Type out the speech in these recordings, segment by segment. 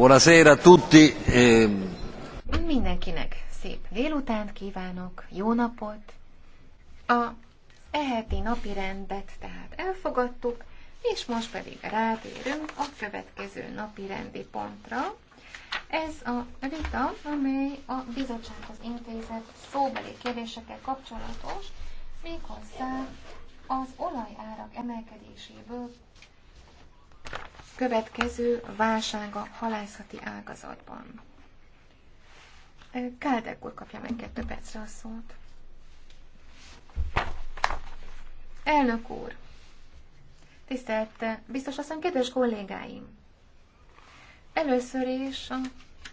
Buonasera tutti. Ehm. Mindenkinek szép délutánt kívánok, jó napot. A eheti napi rendet tehát elfogadtuk, és most pedig rátérünk a következő napi rendi pontra. Ez a vita, amely a bizottsághoz intézett szóbeli kérdésekkel kapcsolatos, méghozzá az olajárak emelkedéséből következő válság a halászati ágazatban. Káldek úr kapja meg kettő percre a szót. Elnök úr! Tisztelt biztos asszony, kedves kollégáim! Először is a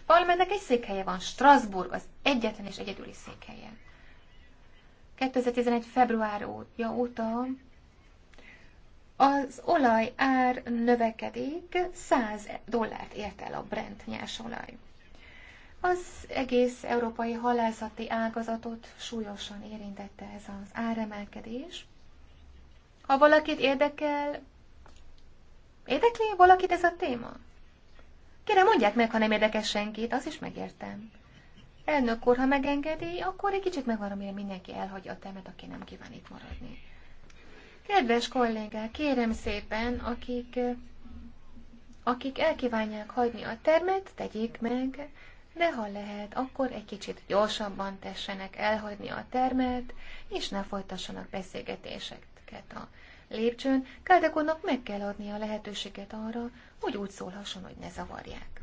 parlamentnek egy székhelye van, Strasbourg az egyetlen és egyedüli székhelye. 2011. február óta az olaj ár növekedik, 100 dollárt ért el a Brent nyersolaj. Az egész európai halászati ágazatot súlyosan érintette ez az áremelkedés. Ha valakit érdekel, érdekli valakit ez a téma? Kérem, mondják meg, ha nem érdekes senkit, az is megértem. Elnök úr, ha megengedi, akkor egy kicsit megvan, amire mindenki elhagyja a temet, aki nem kíván itt maradni. Kedves kollégák, kérem szépen, akik, akik elkívánják hagyni a termet, tegyék meg, de ha lehet, akkor egy kicsit gyorsabban tessenek elhagyni a termet, és ne folytassanak beszélgetéseket a lépcsőn. Káldekonnak meg kell adni a lehetőséget arra, hogy úgy szólhasson, hogy ne zavarják.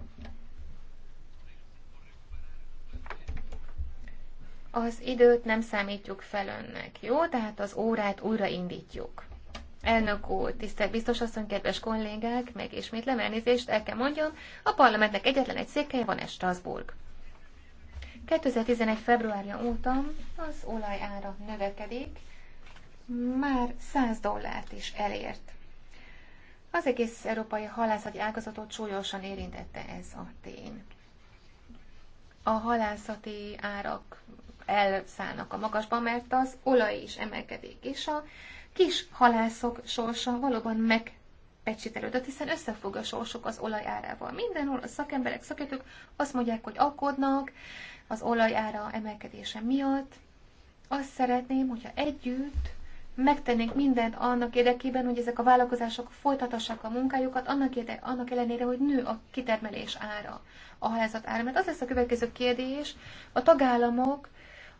az időt nem számítjuk fel önnek, jó? Tehát az órát újraindítjuk. Elnök úr, tisztelt biztos asszony, kedves kollégák, meg megismétlem elnézést, el kell mondjam, a parlamentnek egyetlen egy székhelye van, ez Strasbourg. 2011. februárja óta az olajára növekedik, már 100 dollárt is elért. Az egész európai halászati ágazatot súlyosan érintette ez a tény. A halászati árak elszállnak a magasba, mert az olaj is emelkedik, és a kis halászok sorsa valóban meg pecsételődött, hiszen összefügg a sorsuk az olaj árával. Mindenhol a szakemberek, szakértők azt mondják, hogy aggódnak az olaj ára emelkedése miatt. Azt szeretném, hogyha együtt megtennénk mindent annak érdekében, hogy ezek a vállalkozások folytatassák a munkájukat, annak, érde, annak ellenére, hogy nő a kitermelés ára, a halászat ára. Mert az lesz a következő kérdés, a tagállamok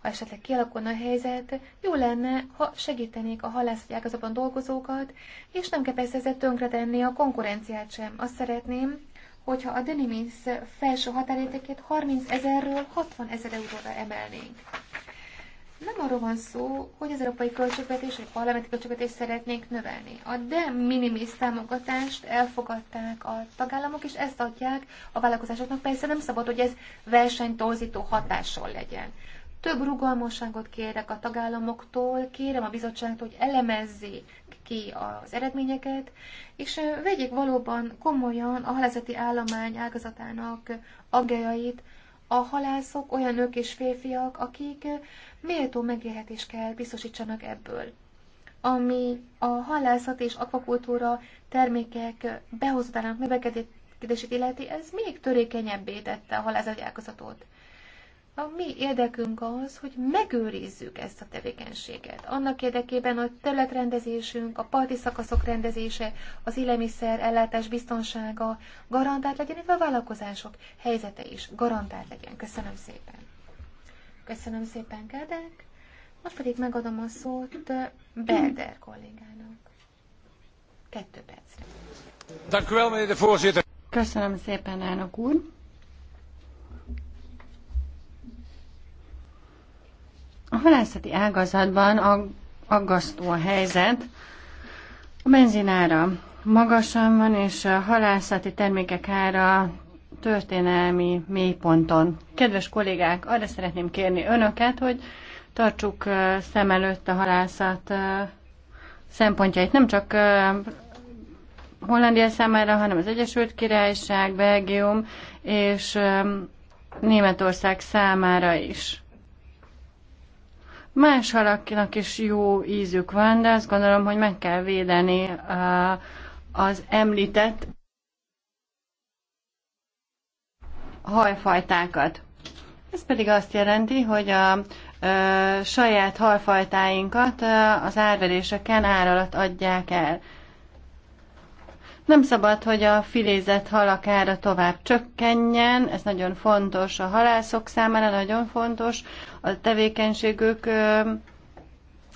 ha esetleg kialakulna a helyzet, jó lenne, ha segítenék a halászati ágazatban dolgozókat, és nem kell persze ezzel tönkretenni a konkurenciát sem. Azt szeretném, hogyha a denimis felső határértékét 30 ezerről 60 ezer euróra emelnénk. Nem arról van szó, hogy az európai költségvetés vagy parlamenti költségvetést szeretnénk növelni. A de minimis támogatást elfogadták a tagállamok, és ezt adják a vállalkozásoknak. Persze nem szabad, hogy ez versenytorzító hatással legyen. Több rugalmasságot kérek a tagállamoktól, kérem a bizottságtól, hogy elemezzék ki az eredményeket, és vegyék valóban komolyan a halászati állomány ágazatának agjait, a halászok olyan nők és férfiak, akik méltó megélhetést kell biztosítsanak ebből. Ami a halászat és akvakultúra termékek behozatának növekedését illeti, ez még törékenyebbé tette a halászati ágazatot. A mi érdekünk az, hogy megőrizzük ezt a tevékenységet. Annak érdekében, hogy területrendezésünk, a parti szakaszok rendezése, az élelmiszer ellátás biztonsága garantált legyen, illetve a vállalkozások helyzete is garantált legyen. Köszönöm szépen. Köszönöm szépen, Kedek. Most pedig megadom a szót eh, Belder kollégának. Kettő percre. Köszönöm szépen, elnök úr. A halászati ágazatban ag- aggasztó a helyzet. A benzinára magasan van, és a halászati termékek ára történelmi mélyponton. Kedves kollégák, arra szeretném kérni önöket, hogy tartsuk szem előtt a halászat szempontjait, nem csak Hollandia számára, hanem az Egyesült Királyság, Belgium és Németország számára is. Más halaknak is jó ízük van, de azt gondolom, hogy meg kell védeni uh, az említett hajfajtákat. Ez pedig azt jelenti, hogy a ö, uh, saját halfajtáinkat ö, uh, az árveréseken áralat adják el. Nem szabad, hogy a filézett halak ára tovább csökkenjen, ez nagyon fontos a halászok számára, nagyon fontos a tevékenységük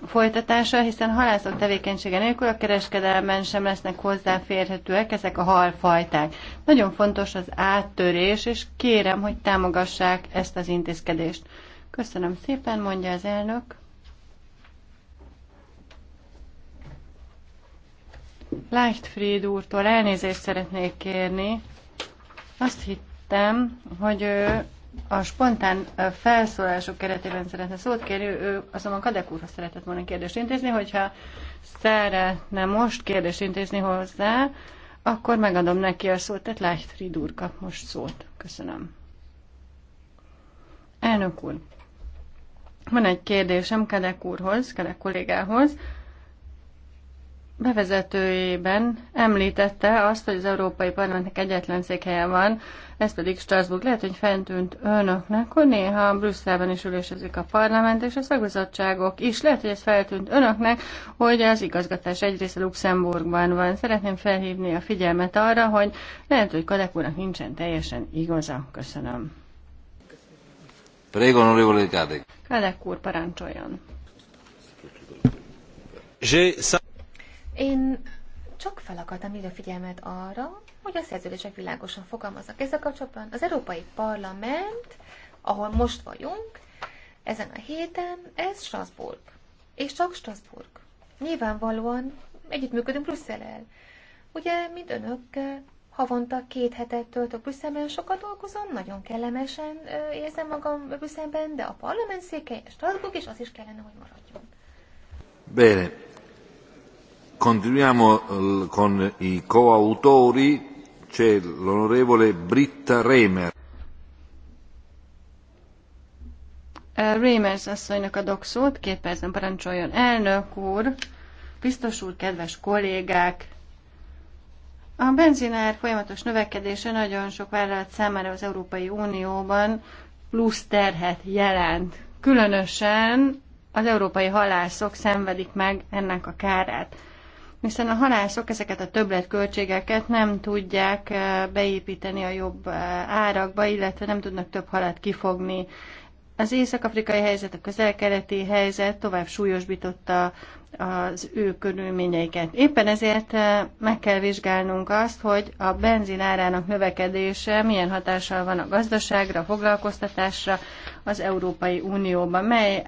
folytatása, hiszen halászok tevékenysége nélkül a kereskedelmen sem lesznek hozzáférhetőek ezek a halfajták. Nagyon fontos az áttörés, és kérem, hogy támogassák ezt az intézkedést. Köszönöm szépen, mondja az elnök. Leichtfried úrtól elnézést szeretnék kérni. Azt hittem, hogy ő a spontán felszólások keretében szeretne szót kérni, ő azonban Kadek úrhoz szeretett volna kérdést intézni, hogyha szeretne most kérdést intézni hozzá, akkor megadom neki a szót, tehát Leichtfried úr kap most szót. Köszönöm. Elnök úr, van egy kérdésem Kadek úrhoz, Kadek kollégához bevezetőjében említette azt, hogy az Európai Parlamentnek egyetlen székhelye van, ez pedig Strasbourg. Lehet, hogy fentűnt önöknek, hogy néha Brüsszelben is ülésezik a parlament és a szakbizottságok is. Lehet, hogy ez feltűnt önöknek, hogy az igazgatás egyrészt a Luxemburgban van. Szeretném felhívni a figyelmet arra, hogy lehet, hogy Kadek úrnak nincsen teljesen igaza. Köszönöm. Prego, Kadek. Kadek úr, parancsoljon. J'ai én csak fel akartam írni a figyelmet arra, hogy a szerződések világosan fogalmaznak. Ezzel kapcsolatban az Európai Parlament, ahol most vagyunk, ezen a héten, ez Strasbourg. És csak Strasbourg. Nyilvánvalóan együttműködünk Brüsszel-el. Ugye, mint önök, havonta két hetet töltök Brüsszelben, sokat dolgozom, nagyon kellemesen érzem magam Brüsszelben, de a parlament székely, Strasbourg, és az is kellene, hogy maradjon. Bene. Continuiamo eh, con i coautori, c'è l'onorevole Britta Remer. Eh, Rémers asszonynak adok szót, két percen parancsoljon elnök úr, biztos úr, kedves kollégák! A benzinár folyamatos növekedése nagyon sok vállalat számára az Európai Unióban plusz terhet jelent. Különösen az európai halászok szenvedik meg ennek a kárát hiszen a halászok ezeket a többletköltségeket nem tudják eh, beépíteni a jobb eh, árakba, illetve nem tudnak több halat kifogni. Az észak-afrikai helyzet, a közel-keleti helyzet tovább súlyosbította az ő körülményeiket. Éppen ezért eh, meg kell vizsgálnunk azt, hogy a benzin árának növekedése milyen hatással van a gazdaságra, a foglalkoztatásra az Európai Unióban, mely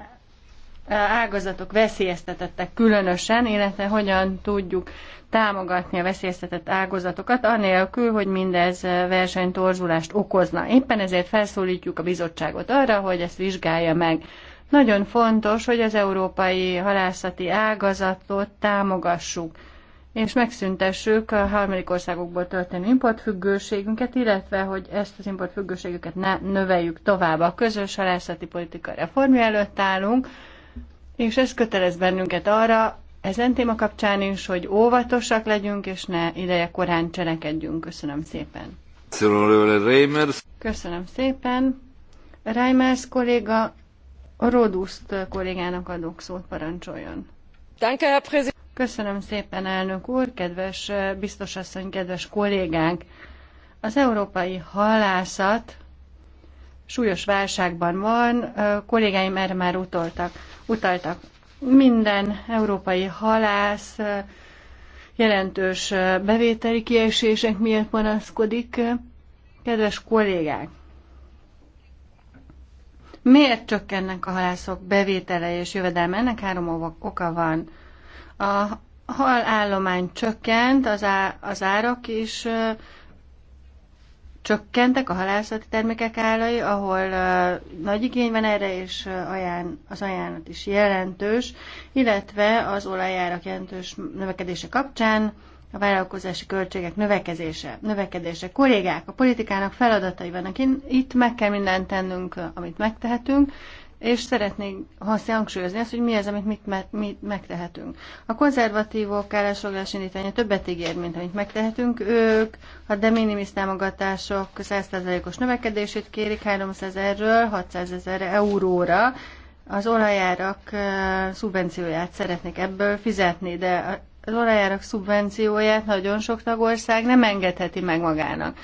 ágazatok veszélyeztetettek különösen, illetve hogyan tudjuk támogatni a veszélyeztetett ágazatokat, anélkül, hogy mindez versenytorzulást okozna. Éppen ezért felszólítjuk a bizottságot arra, hogy ezt vizsgálja meg. Nagyon fontos, hogy az európai halászati ágazatot támogassuk és megszüntessük a harmadik országokból történő importfüggőségünket, illetve hogy ezt az importfüggőségüket ne növeljük tovább. A közös halászati politika reformja előtt állunk, és ez kötelez bennünket arra, ezen téma kapcsán is, hogy óvatosak legyünk, és ne ideje korán cselekedjünk. Köszönöm szépen. Köszönöm szépen. Reimers kolléga a Roduszt kollégának adok szót, parancsoljon. Köszönöm szépen, elnök úr, kedves biztosasszony, kedves kollégánk. Az európai halászat súlyos válságban van, kollégáim erre már utaltak. utaltak. Minden európai halász jelentős bevételi kiesések miatt panaszkodik. Kedves kollégák, miért csökkennek a halászok bevétele és jövedelme? Ennek három oka van. A halállomány csökkent, az, á, az árak is Csökkentek a halászati termékek árai, ahol uh, nagy igény van erre, és uh, aján, az ajánlat is jelentős, illetve az olajárak jelentős növekedése kapcsán a vállalkozási költségek növekedése, növekedése. Kollégák, a politikának feladatai vannak. Itt meg kell mindent tennünk, amit megtehetünk, és szeretnék hangsúlyozni azt, hogy mi az, amit mit, me- mit megtehetünk. A konzervatívok állásfoglalás indítványa többet ígér, mint amit megtehetünk. Ők a de minimis támogatások 100%-os növekedését kérik 300 ezerről 600 ezer euróra. Az olajárak szubvencióját szeretnék ebből fizetni, de az olajárak szubvencióját nagyon sok tagország nem engedheti meg magának.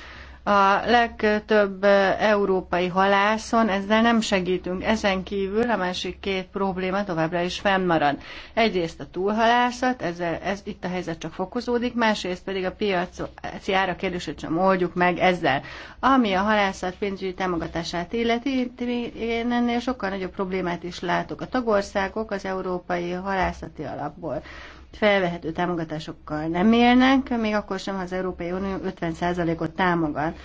A legtöbb európai halászon ezzel nem segítünk. Ezen kívül a másik két probléma továbbra is fennmarad. Egyrészt a túlhalászat, ezzel, ez, itt a helyzet csak fokozódik, másrészt pedig a piaci ára kérdését sem oldjuk meg ezzel. Ami a halászat pénzügyi támogatását illeti, én ennél sokkal nagyobb problémát is látok. A tagországok az európai halászati alapból felvehető támogatásokkal nem élnek, még akkor sem, ha az Európai Unió 50%-ot támogat.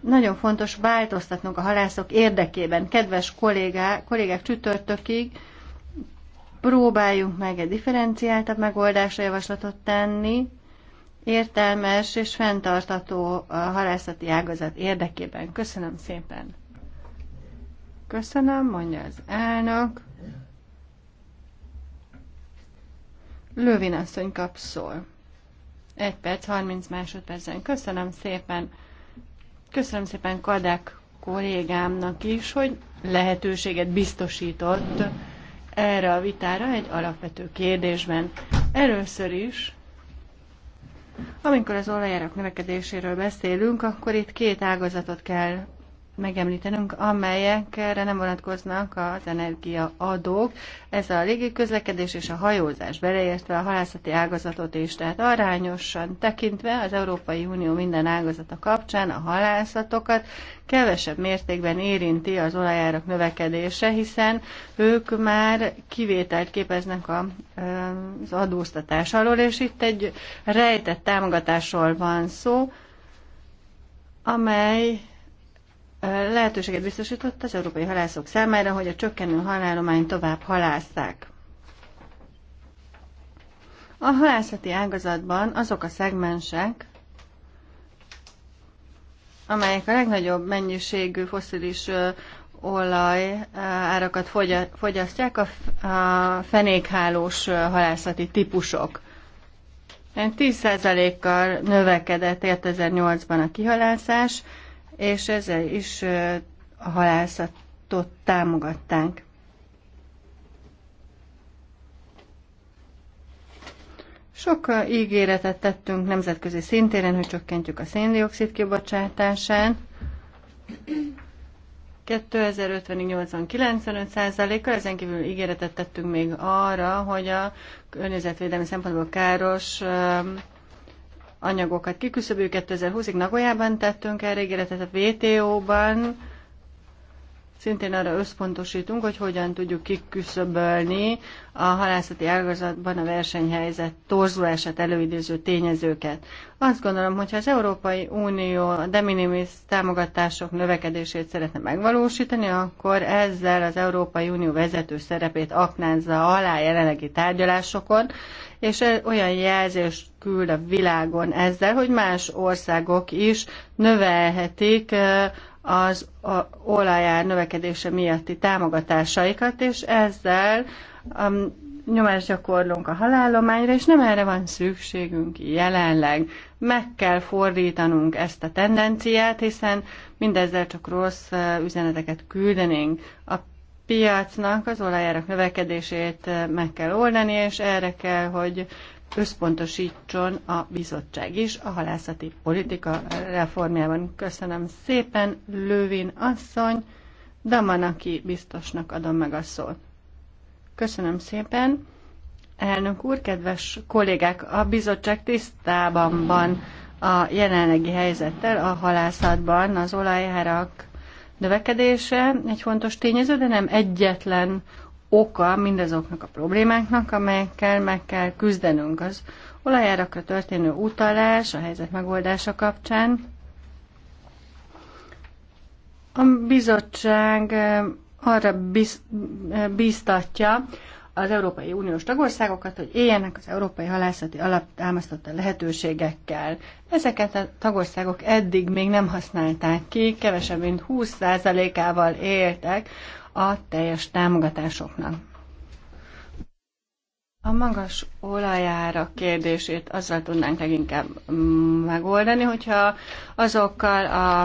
Nagyon fontos változtatnunk a halászok érdekében. Kedves kollégák, kollégák csütörtökig próbáljunk meg egy differenciáltabb megoldásra javaslatot tenni, értelmes és fenntartató a halászati ágazat érdekében. Köszönöm szépen! Köszönöm, mondja az elnök. Lövin asszony kap szól. 1 perc, 30 másodpercen. Köszönöm szépen. Köszönöm szépen Kadek kollégámnak is, hogy lehetőséget biztosított erre a vitára egy alapvető kérdésben. Először is, amikor az olajárak növekedéséről beszélünk, akkor itt két ágazatot kell megemlítenünk, amelyekre nem vonatkoznak az energiaadók. Ez a légiközlekedés és a hajózás, beleértve a halászati ágazatot is. Tehát arányosan tekintve az Európai Unió minden ágazata kapcsán a halászatokat kevesebb mértékben érinti az olajárak növekedése, hiszen ők már kivételt képeznek a, az adóztatás alól, és itt egy rejtett támogatásról van szó, amely lehetőséget biztosított az európai halászok számára, hogy a csökkenő halálomány tovább halásszák. A halászati ágazatban azok a szegmensek, amelyek a legnagyobb mennyiségű foszilis olaj árakat fogyasztják, a fenékhálós halászati típusok. 10%-kal növekedett 2008-ban a kihalászás, és ezzel is a halászatot támogatták. Sok ígéretet tettünk nemzetközi szintéren, hogy csökkentjük a széndiokszid kibocsátását. 2050-ig 80-95%-kal, ezen kívül ígéretet tettünk még arra, hogy a környezetvédelmi szempontból káros anyagokat kiküszöbül. 2020-ig Nagoyában tettünk erre ígéretet a WTO-ban, szintén arra összpontosítunk, hogy hogyan tudjuk kiküszöbölni a halászati ágazatban a versenyhelyzet torzulását előidéző tényezőket. Azt gondolom, hogy ha az Európai Unió a de minimis támogatások növekedését szeretne megvalósítani, akkor ezzel az Európai Unió vezető szerepét aknázza alá jelenlegi tárgyalásokon, és e- olyan jelzést küld a világon ezzel, hogy más országok is növelhetik e- az olajár növekedése miatti támogatásaikat, és ezzel um, nyomást gyakorlunk a halállományra, és nem erre van szükségünk jelenleg. Meg kell fordítanunk ezt a tendenciát, hiszen mindezzel csak rossz uh, üzeneteket küldenénk. A piacnak az olajárak növekedését uh, meg kell oldani, és erre kell, hogy összpontosítson a bizottság is a halászati politika reformjában. Köszönöm szépen, Lővin asszony, Damanaki biztosnak adom meg a szót. Köszönöm szépen. Elnök úr, kedves kollégák, a bizottság tisztában van a jelenlegi helyzettel a halászatban az olajárak növekedése egy fontos tényező, de nem egyetlen oka mindazoknak a problémáknak, amelyekkel meg kell küzdenünk. Az olajárakra történő utalás a helyzet megoldása kapcsán a bizottság eh, arra eh, bíztatja az Európai Uniós tagországokat, hogy éljenek az Európai Halászati Alap támasztotta lehetőségekkel. Ezeket a tagországok eddig még nem használták ki, kevesebb mint 20%-ával éltek a teljes támogatásoknak. A magas olajára kérdését azzal tudnánk leginkább megoldani, hogyha azokkal a,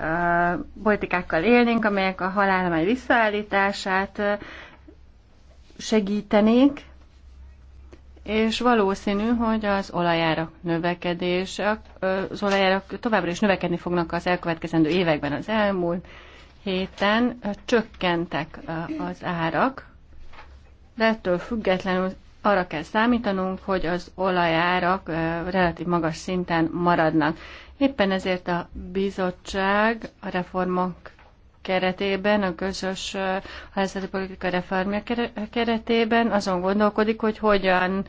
a politikákkal élnénk, amelyek a halálomány visszaállítását segítenék, és valószínű, hogy az olajárak növekedések, az olajárak továbbra is növekedni fognak az elkövetkezendő években az elmúlt héten csökkentek az árak, de ettől függetlenül arra kell számítanunk, hogy az olajárak relatív magas szinten maradnak. Éppen ezért a bizottság a reformok keretében, a közös házati politika reformja keretében azon gondolkodik, hogy hogyan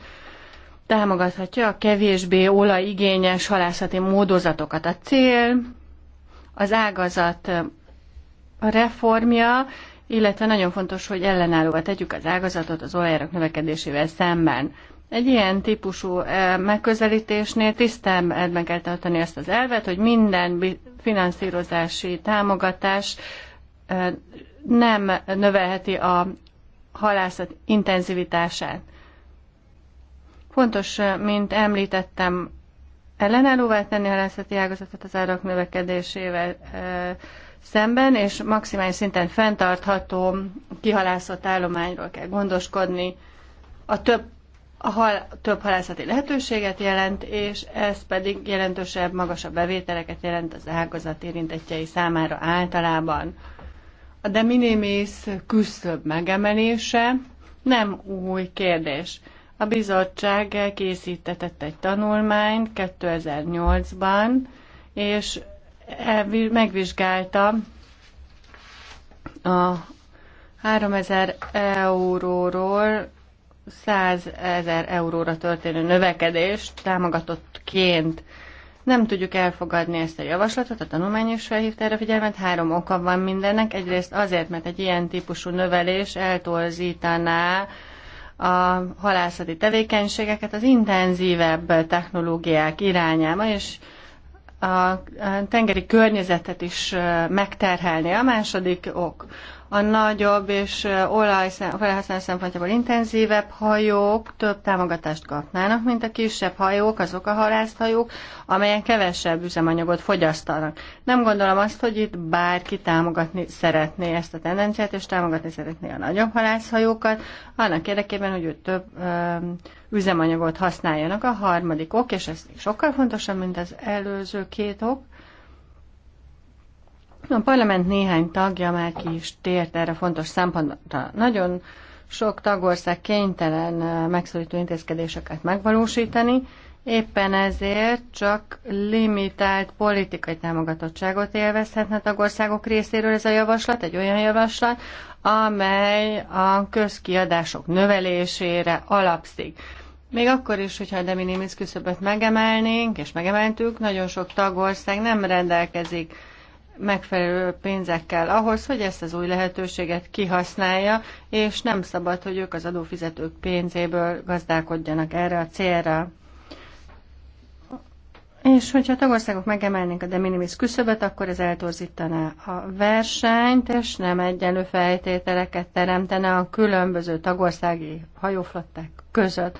támogathatja a kevésbé olajigényes halászati módozatokat. A cél az ágazat a reformja, illetve nagyon fontos, hogy ellenállóvá tegyük az ágazatot az olajárak növekedésével szemben. Egy ilyen típusú megközelítésnél tisztelben kell tartani ezt az elvet, hogy minden finanszírozási támogatás nem növelheti a halászat intenzivitását. Fontos, mint említettem, ellenállóvá tenni a halászati ágazatot az árak növekedésével szemben, és maximális szinten fenntartható kihalászott állományról kell gondoskodni. A több a hal több halászati lehetőséget jelent, és ez pedig jelentősebb, magasabb bevételeket jelent az ágazat érintettjei számára általában. A de minimis küszöbb megemelése nem új kérdés. A bizottság készítetett egy tanulmányt 2008-ban, és megvizsgálta a 3000 euróról 100 ezer euróra történő növekedést támogatottként. Nem tudjuk elfogadni ezt a javaslatot, a tanulmány is felhívta erre figyelmet, három oka van mindennek. Egyrészt azért, mert egy ilyen típusú növelés eltorzítaná a halászati tevékenységeket az intenzívebb technológiák irányába, és a tengeri környezetet is megterhelni. A második ok a nagyobb és olajfelhasználás szempontjából intenzívebb hajók több támogatást kapnának, mint a kisebb hajók, azok a halászhajók, amelyen kevesebb üzemanyagot fogyasztanak. Nem gondolom azt, hogy itt bárki támogatni szeretné ezt a tendenciát, és támogatni szeretné a nagyobb halászhajókat, annak érdekében, hogy ő több üzemanyagot használjanak. A harmadik ok, és ez sokkal fontosabb, mint az előző két ok, a parlament néhány tagja már ki is tért erre fontos szempontra. Nagyon sok tagország kénytelen megszorító intézkedéseket megvalósítani, éppen ezért csak limitált politikai támogatottságot élvezhetne tagországok részéről ez a javaslat, egy olyan javaslat, amely a közkiadások növelésére alapszik. Még akkor is, hogyha a de minimis küszöböt megemelnénk, és megemeltük, nagyon sok tagország nem rendelkezik megfelelő pénzekkel ahhoz, hogy ezt az új lehetőséget kihasználja, és nem szabad, hogy ők az adófizetők pénzéből gazdálkodjanak erre a célra. És hogyha a tagországok megemelnénk a de minimis küszöbet, akkor ez eltorzítaná a versenyt, és nem egyenlő feltételeket teremtene a különböző tagországi hajóflották között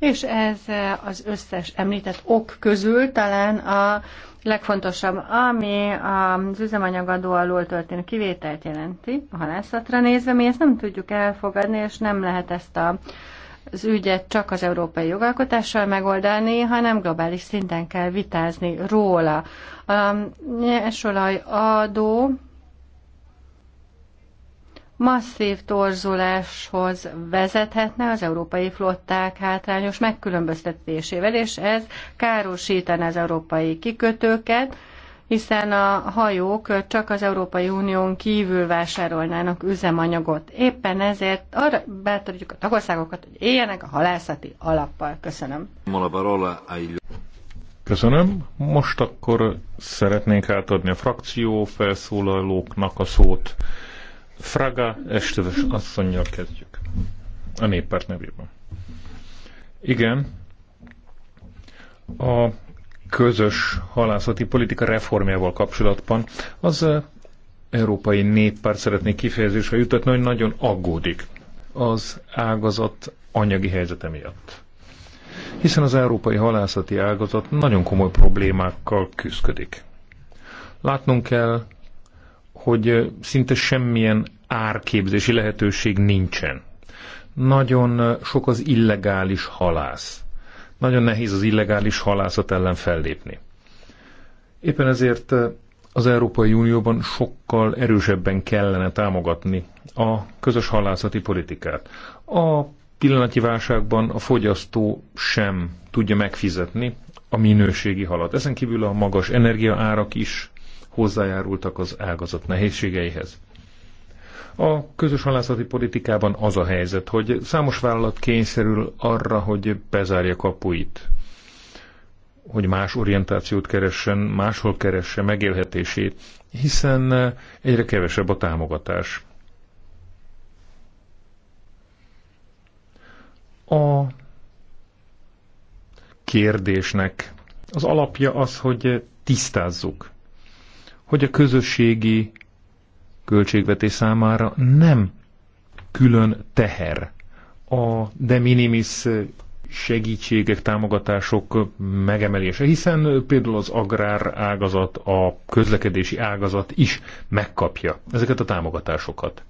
és ez az összes említett ok közül talán a legfontosabb, ami az üzemanyagadó alól történő kivételt jelenti, a halászatra nézve, mi ezt nem tudjuk elfogadni, és nem lehet ezt a az ügyet csak az európai jogalkotással megoldani, hanem globális szinten kell vitázni róla. A nyersolaj adó masszív torzuláshoz vezethetne az európai flották hátrányos megkülönböztetésével, és ez károsítaná az európai kikötőket, hiszen a hajók csak az Európai Unión kívül vásárolnának üzemanyagot. Éppen ezért arra bátorítjuk a tagországokat, hogy éljenek a halászati alappal. Köszönöm. Köszönöm. Most akkor szeretnénk átadni a frakció felszólalóknak a szót. Fraga Estövös asszonynal kezdjük. A néppárt nevében. Igen. A közös halászati politika reformjával kapcsolatban az eh, Európai Néppárt szeretné kifejezésre jutatni, hogy nagyon aggódik az ágazat anyagi helyzete miatt. Hiszen az európai halászati ágazat nagyon komoly problémákkal küzdik. Látnunk kell, hogy szinte semmilyen árképzési lehetőség nincsen. Nagyon sok az illegális halász. Nagyon nehéz az illegális halászat ellen fellépni. Éppen ezért az Európai Unióban sokkal erősebben kellene támogatni a közös halászati politikát. A pillanatnyi válságban a fogyasztó sem tudja megfizetni a minőségi halat. Ezen kívül a magas energiaárak is hozzájárultak az ágazat nehézségeihez. A közös halászati politikában az a helyzet, hogy számos vállalat kényszerül arra, hogy bezárja kapuit, hogy más orientációt keressen, máshol keresse megélhetését, hiszen egyre kevesebb a támogatás. A kérdésnek az alapja az, hogy tisztázzuk hogy a közösségi költségvetés számára nem külön teher a de minimis segítségek, támogatások megemelése, hiszen például az agrár ágazat, a közlekedési ágazat is megkapja ezeket a támogatásokat.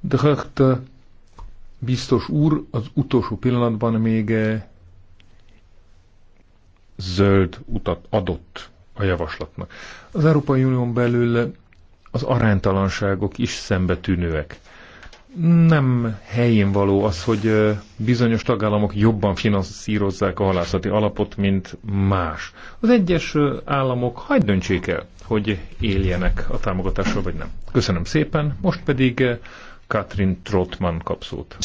De hát biztos úr az utolsó pillanatban még eh, zöld utat adott a javaslatnak. Az Európai Unión belül az aránytalanságok is szembetűnőek. Nem helyén való az, hogy bizonyos tagállamok jobban finanszírozzák a halászati alapot, mint más. Az egyes államok hagyd döntsék el, hogy éljenek a támogatással, vagy nem. Köszönöm szépen, most pedig Katrin Trotman kap szót.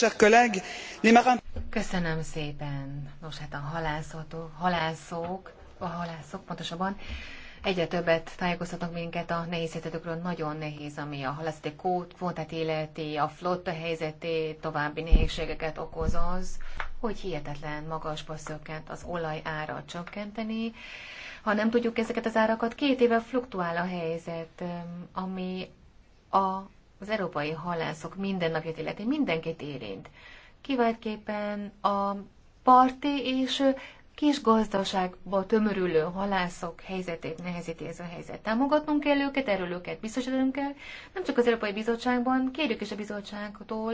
Köszönöm szépen. Nos, hát a halászok, halászók a halászok pontosabban egyre többet tájékoztatnak minket a nehéz helyzetekről. Nagyon nehéz, ami a halászati kvótát életi, a flotta helyzeté, további nehézségeket okoz az, hogy hihetetlen magasba szökkent az olaj ára csökkenteni. Ha nem tudjuk ezeket az árakat, két éve fluktuál a helyzet, ami a, az európai halászok mindennapját illeti, mindenkit érint. Kiváltképpen a parti és kis gazdaságba tömörülő halászok helyzetét nehezíti ez a helyzet. Támogatnunk kell őket, erről őket biztosítanunk kell, nem csak az Európai Bizottságban, kérjük is a bizottságtól,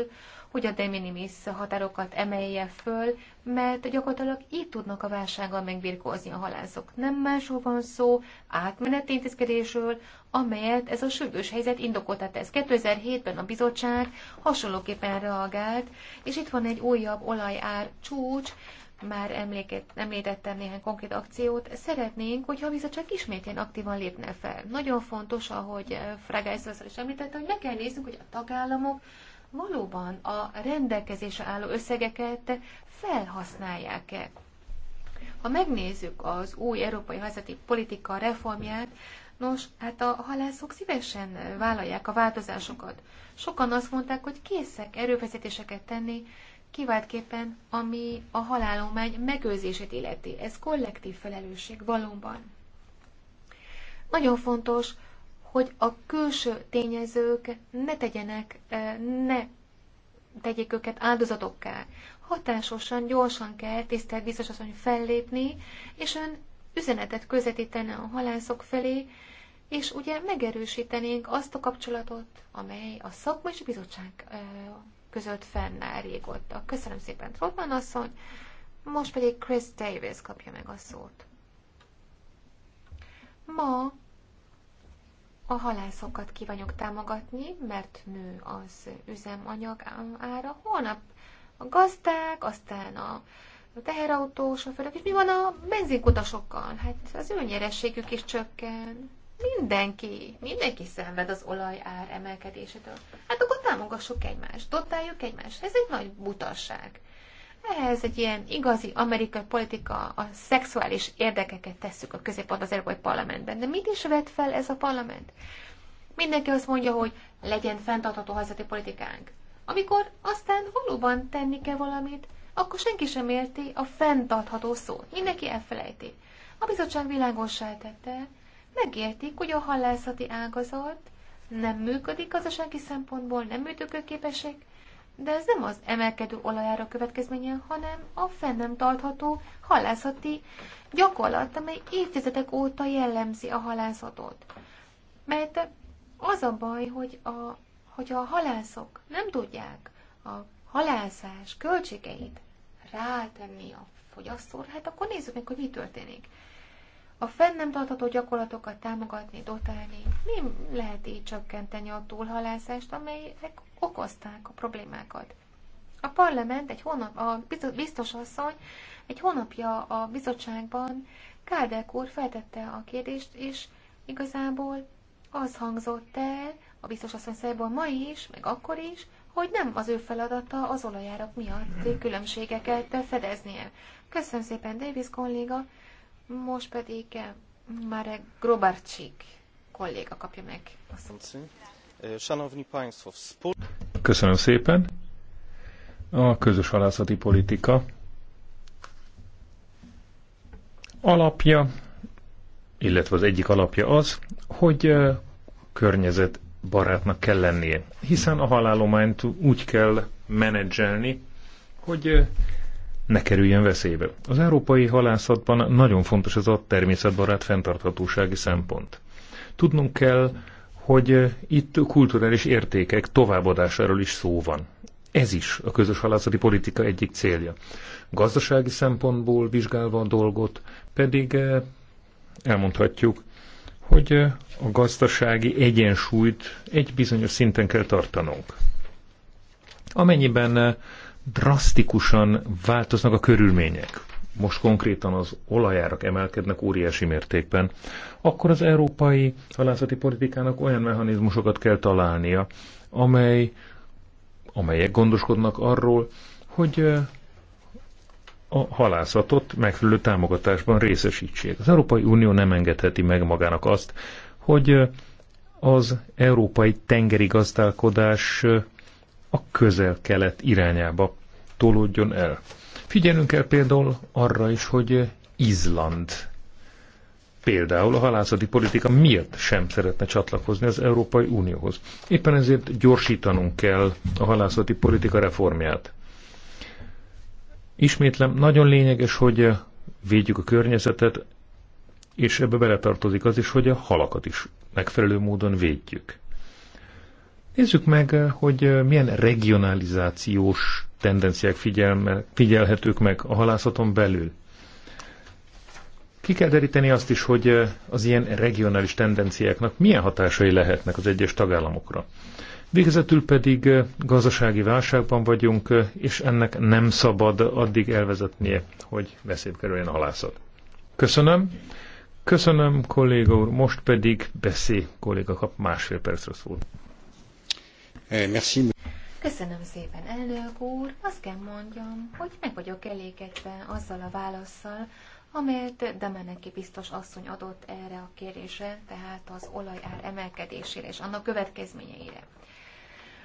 hogy a de minimis határokat emelje föl, mert gyakorlatilag így tudnak a válsággal megbirkózni a halászok. Nem másról van szó, átmeneti intézkedésről, amelyet ez a sürgős helyzet indokolta tesz. 2007-ben a bizottság hasonlóképpen reagált, és itt van egy újabb olajár csúcs, már emléket, említettem néhány konkrét akciót. Szeretnénk, hogyha a csak ismétén aktívan lépne fel. Nagyon fontos, ahogy eh, Fragászlászor is említette, hogy meg kell néznünk, hogy a tagállamok valóban a rendelkezésre álló összegeket felhasználják-e. Ha megnézzük az új európai vezeti politika reformját, nos, hát a halászok szívesen vállalják a változásokat. Sokan azt mondták, hogy készek erőfeszítéseket tenni, kiváltképpen ami a halálomány megőrzését illeti. Ez kollektív felelősség valóban. Nagyon fontos, hogy a külső tényezők ne tegyenek, eh, ne tegyék őket áldozatokká. Hatásosan, gyorsan kell tisztelt biztos asszony fellépni, és ön üzenetet közvetítene a halászok felé, és ugye megerősítenénk azt a kapcsolatot, amely a szakmai bizottság eh, között fennáll régóta. Köszönöm szépen, Trotman asszony. Most pedig Chris Davis kapja meg a szót. Ma a halászokat kívánok támogatni, mert nő az üzemanyag ára. Holnap a gazdák, aztán a teherautó sofőrök, és mi van a benzinkutasokkal? Hát az ő nyerességük is csökken. Mindenki, mindenki szenved az olaj ár emelkedésétől. Hát a támogassuk egymást, dotáljuk egymást. Ez egy nagy butaság. Ehhez egy ilyen igazi amerikai politika, a szexuális érdekeket tesszük a középpont az Európai Parlamentben. De mit is vet fel ez a parlament? Mindenki azt mondja, hogy legyen fenntartható hazati politikánk. Amikor aztán valóban tenni kell valamit, akkor senki sem érti a fenntartható szót. Mindenki elfelejti. A bizottság világosá tette, megértik, hogy a halászati ágazat nem működik gazdasági szempontból, nem működőképesek, de ez nem az emelkedő olajára következménye, hanem a fenn nem tartható halászati gyakorlat, amely évtizedek óta jellemzi a halászatot. Mert az a baj, hogy a, hogy a halászok nem tudják a halászás költségeit rátenni a fogyasztóra, hát akkor nézzük meg, hogy mi történik a fenn nem tartható gyakorlatokat támogatni, dotálni, nem lehet így csökkenteni a túlhalászást, amelyek okozták a problémákat. A parlament egy hónap, a biztos asszony egy hónapja a bizottságban Kádek úr feltette a kérdést, és igazából az hangzott el, a biztos asszony szájából ma is, meg akkor is, hogy nem az ő feladata az olajárak miatt különbségeket fedeznie. Köszönöm szépen, Davis kolléga! Most pedig eh, Marek Grobarczyk kolléga kapja meg a szót. Köszönöm szépen. A közös halászati politika alapja, illetve az egyik alapja az, hogy eh, környezet barátnak kell lennie. Hiszen a halálományt úgy kell menedzselni, hogy eh, ne kerüljön veszélybe. Az európai halászatban nagyon fontos az a természetbarát fenntarthatósági szempont. Tudnunk kell, hogy itt kulturális értékek továbbadásáról is szó van. Ez is a közös halászati politika egyik célja. Gazdasági szempontból vizsgálva a dolgot pedig eh, elmondhatjuk, hogy eh, a gazdasági egyensúlyt egy bizonyos szinten kell tartanunk. Amennyiben eh, drasztikusan változnak a körülmények, most konkrétan az olajárak emelkednek óriási mértékben, akkor az európai halászati politikának olyan mechanizmusokat kell találnia, amely, amelyek gondoskodnak arról, hogy a halászatot megfelelő támogatásban részesítsék. Az Európai Unió nem engedheti meg magának azt, hogy az európai tengeri gazdálkodás a közel-kelet irányába tolódjon el. Figyelünk kell például arra is, hogy Izland például a halászati politika miért sem szeretne csatlakozni az Európai Unióhoz. Éppen ezért gyorsítanunk kell a halászati politika reformját. Ismétlem, nagyon lényeges, hogy védjük a környezetet, és ebbe beletartozik az is, hogy a halakat is megfelelő módon védjük. Nézzük meg, eh, hogy eh, milyen regionalizációs tendenciák figyelme, figyelhetők meg a halászaton belül. Ki kell deríteni azt is, hogy eh, az ilyen regionális tendenciáknak milyen hatásai lehetnek az egyes tagállamokra. Végezetül pedig gazdasági válságban vagyunk, és ennek nem szabad addig elvezetnie, hogy veszélybe kerüljön a halászat. Köszönöm. Köszönöm, kolléga úr. Most pedig beszél, kolléga kap másfél percre szól. Eh, merci. Köszönöm szépen, elnök úr. Azt kell mondjam, hogy meg vagyok elégedve azzal a válaszsal, amelyet Demeneki biztos asszony adott erre a kérésre, tehát az olajár emelkedésére és annak következményeire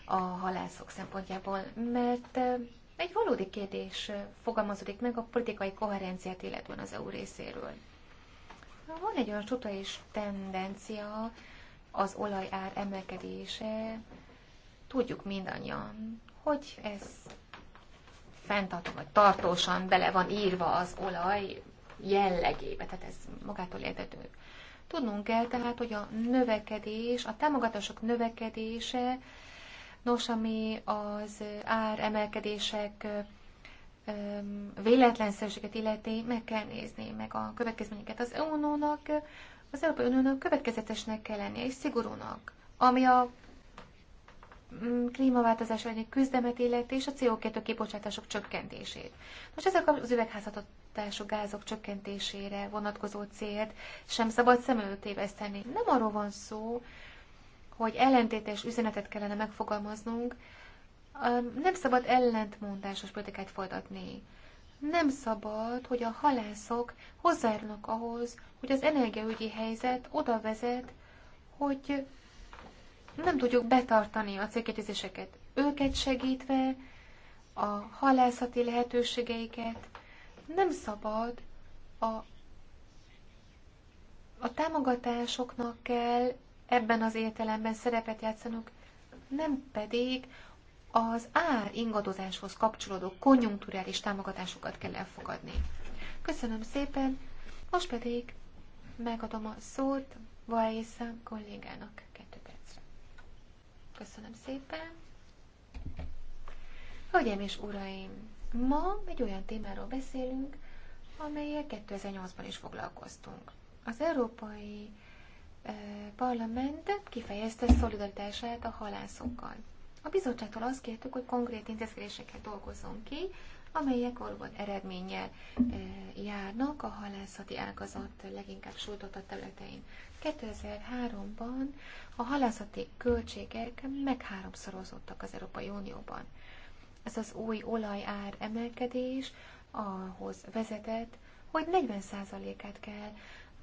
a halászok szempontjából, mert eh, egy valódi kérdés eh, fogalmazódik meg a politikai koherenciát illetően az EU részéről. Van egy olyan csuta és tendencia az olajár emelkedése, Tudjuk mindannyian, hogy ez fenntartó vagy tartósan bele van írva az olaj jellegébe, tehát ez magától értető. Tudnunk kell tehát, hogy a növekedés, a támogatások növekedése, nos, ami az ár emelkedések véletlenszerűséget illeti, meg kell nézni meg a következményeket. Az EU-nak, az Európai Uniónak következetesnek kell lennie, és szigorúnak, ami a klímaváltozás elleni küzdemet illeti, és a CO2 kibocsátások csökkentését. Most ezek az üvegházhatású gázok csökkentésére vonatkozó célt sem szabad szem előtt éveszteni. Nem arról van szó, hogy ellentétes üzenetet kellene megfogalmaznunk, nem szabad ellentmondásos politikát folytatni. Nem szabad, hogy a halászok hozzájárulnak ahhoz, hogy az energiaügyi helyzet oda vezet, hogy nem tudjuk betartani a célkérdezéseket, őket segítve, a halászati lehetőségeiket. Nem szabad a, a támogatásoknak kell ebben az értelemben szerepet játszanunk, nem pedig az ár ingadozáshoz kapcsolódó konjunkturális támogatásokat kell elfogadni. Köszönöm szépen, most pedig megadom a szót Valészám kollégának. Köszönöm szépen. Hölgyeim és uraim, ma egy olyan témáról beszélünk, amelyel 2008-ban is foglalkoztunk. Az Európai Parlament kifejezte szolidaritását a halászokkal. A bizottságtól azt kértük, hogy konkrét intézkedéseket dolgozzon ki, amelyek valóban eredménnyel e, járnak a halászati ágazat leginkább sújtotta területein. 2003-ban a halászati költségek megháromszorozottak az Európai Unióban. Ez az új olajár emelkedés ahhoz vezetett, hogy 40%-át kell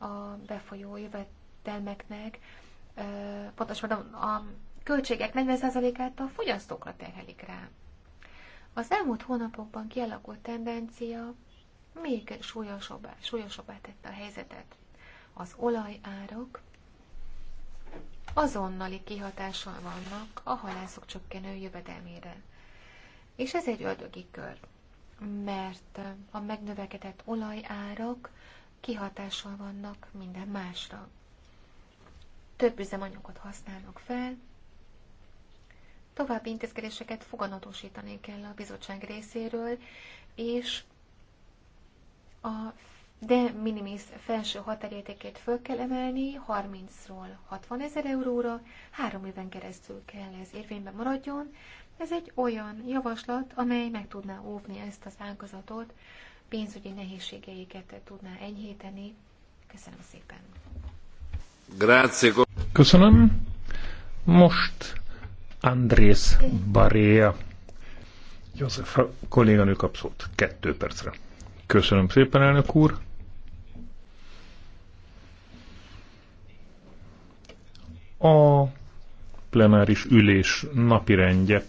a befolyó jövedelmeknek, e, pontosan a költségek 40%-át a fogyasztókra terhelik rá. Az elmúlt hónapokban kialakult tendencia még súlyosabbá, súlyosabbá tette a helyzetet. Az olajárak azonnali kihatással vannak a halászok csökkenő jövedelmére. És ez egy ördögi kör, mert a megnövekedett olajárak kihatással vannak minden másra. Több üzemanyagot használnak fel, További intézkedéseket foganatosítani kell a bizottság részéről, és a de minimis felső határértékét föl kell emelni 30-ról 60 ezer euróra, három éven keresztül kell ez érvényben maradjon. Ez egy olyan javaslat, amely meg tudná óvni ezt az ágazatot, pénzügyi nehézségeiket tudná enyhíteni. Köszönöm szépen! Grazie. Köszönöm! Most Andrés Baréa. József, a kolléganő kap szót. Kettő percre. Köszönöm szépen, elnök úr. A plenáris ülés napirendje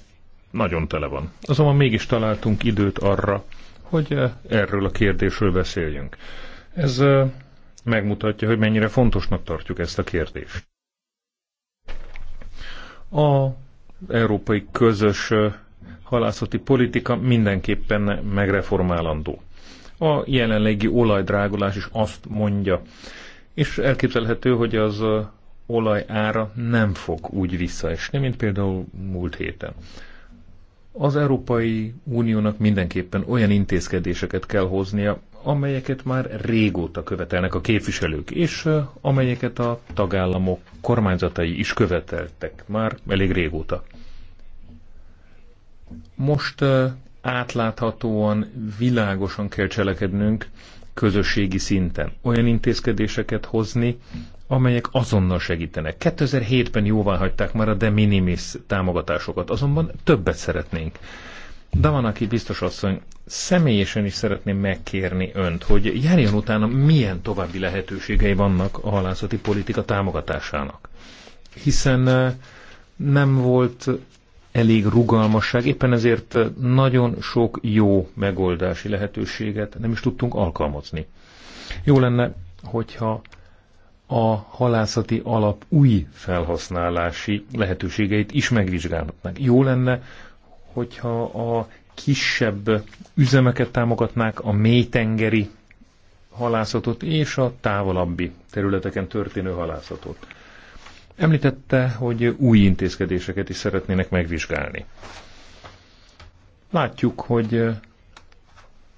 nagyon tele van. Azonban mégis találtunk időt arra, hogy eh, erről a kérdésről beszéljünk. Ez eh, megmutatja, hogy mennyire fontosnak tartjuk ezt a kérdést. A európai közös halászati politika mindenképpen megreformálandó. A jelenlegi olajdrágulás is azt mondja, és elképzelhető, hogy az olaj ára nem fog úgy visszaesni, mint például múlt héten. Az Európai Uniónak mindenképpen olyan intézkedéseket kell hoznia, amelyeket már régóta követelnek a képviselők, és amelyeket a tagállamok kormányzatai is követeltek már elég régóta. Most átláthatóan, világosan kell cselekednünk közösségi szinten. Olyan intézkedéseket hozni, amelyek azonnal segítenek. 2007-ben jóvá hagyták már a de minimis támogatásokat, azonban többet szeretnénk. De van, aki biztos asszony, személyesen is szeretném megkérni önt, hogy járjon utána, milyen további lehetőségei vannak a halászati politika támogatásának. Hiszen eh, nem volt elég rugalmasság, éppen ezért eh, nagyon sok jó megoldási lehetőséget nem is tudtunk alkalmazni. Jó lenne, hogyha a halászati alap új felhasználási lehetőségeit is megvizsgálhatnánk. Jó lenne, hogyha a kisebb üzemeket támogatnák, a mélytengeri halászatot és a távolabbi területeken történő halászatot. Említette, hogy új intézkedéseket is szeretnének megvizsgálni. Látjuk, hogy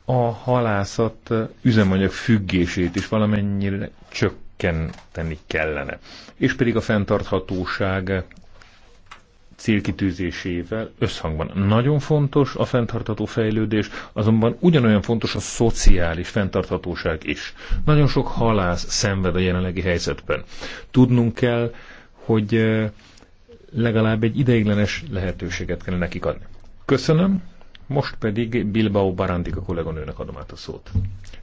a halászat üzemanyag függését is valamennyire csökkenteni kellene. És pedig a fenntarthatóság célkitűzésével összhangban. Nagyon fontos a fenntartható fejlődés, azonban ugyanolyan fontos a szociális fenntarthatóság is. Nagyon sok halász szenved a jelenlegi helyzetben. Tudnunk kell, hogy eh, legalább egy ideiglenes lehetőséget kell nekik adni. Köszönöm, most pedig Bilbao Barandika kolléganőnek adom át a szót.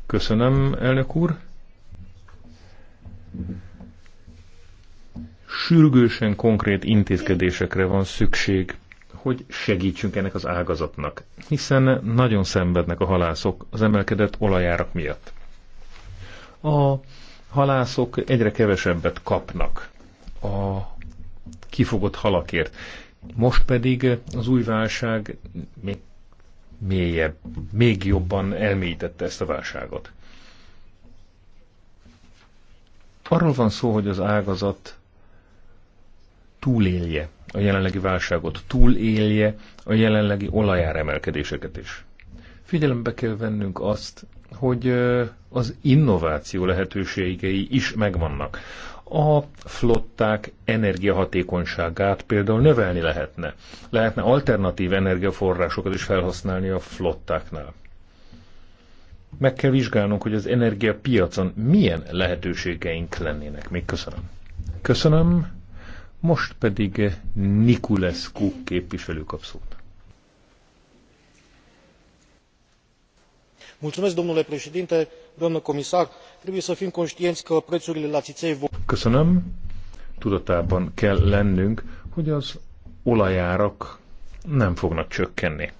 Köszönöm, elnök úr sürgősen konkrét intézkedésekre van szükség, hogy segítsünk ennek az ágazatnak, hiszen nagyon szenvednek a halászok az emelkedett olajárak miatt. A halászok egyre kevesebbet kapnak a kifogott halakért. Most pedig az új válság még mélyebb, még jobban elmélyítette ezt a válságot. Arról van szó, hogy az ágazat túlélje a jelenlegi válságot, túlélje a jelenlegi olajáremelkedéseket is. Figyelembe kell vennünk azt, hogy az innováció lehetőségei is megvannak. A flották energiahatékonyságát például növelni lehetne. Lehetne alternatív energiaforrásokat is felhasználni a flottáknál. Meg kell vizsgálnunk, hogy az energiapiacon milyen lehetőségeink lennének. Még köszönöm. Köszönöm. Most pedig eh, Nikulescu képviselő kap szót. domnule președinte doamnă comisar trebuie să fim conștienți că prețurile la țiței Köszönöm. Tudatában kell lennünk, hogy az olajárak nem fognak csökkenni.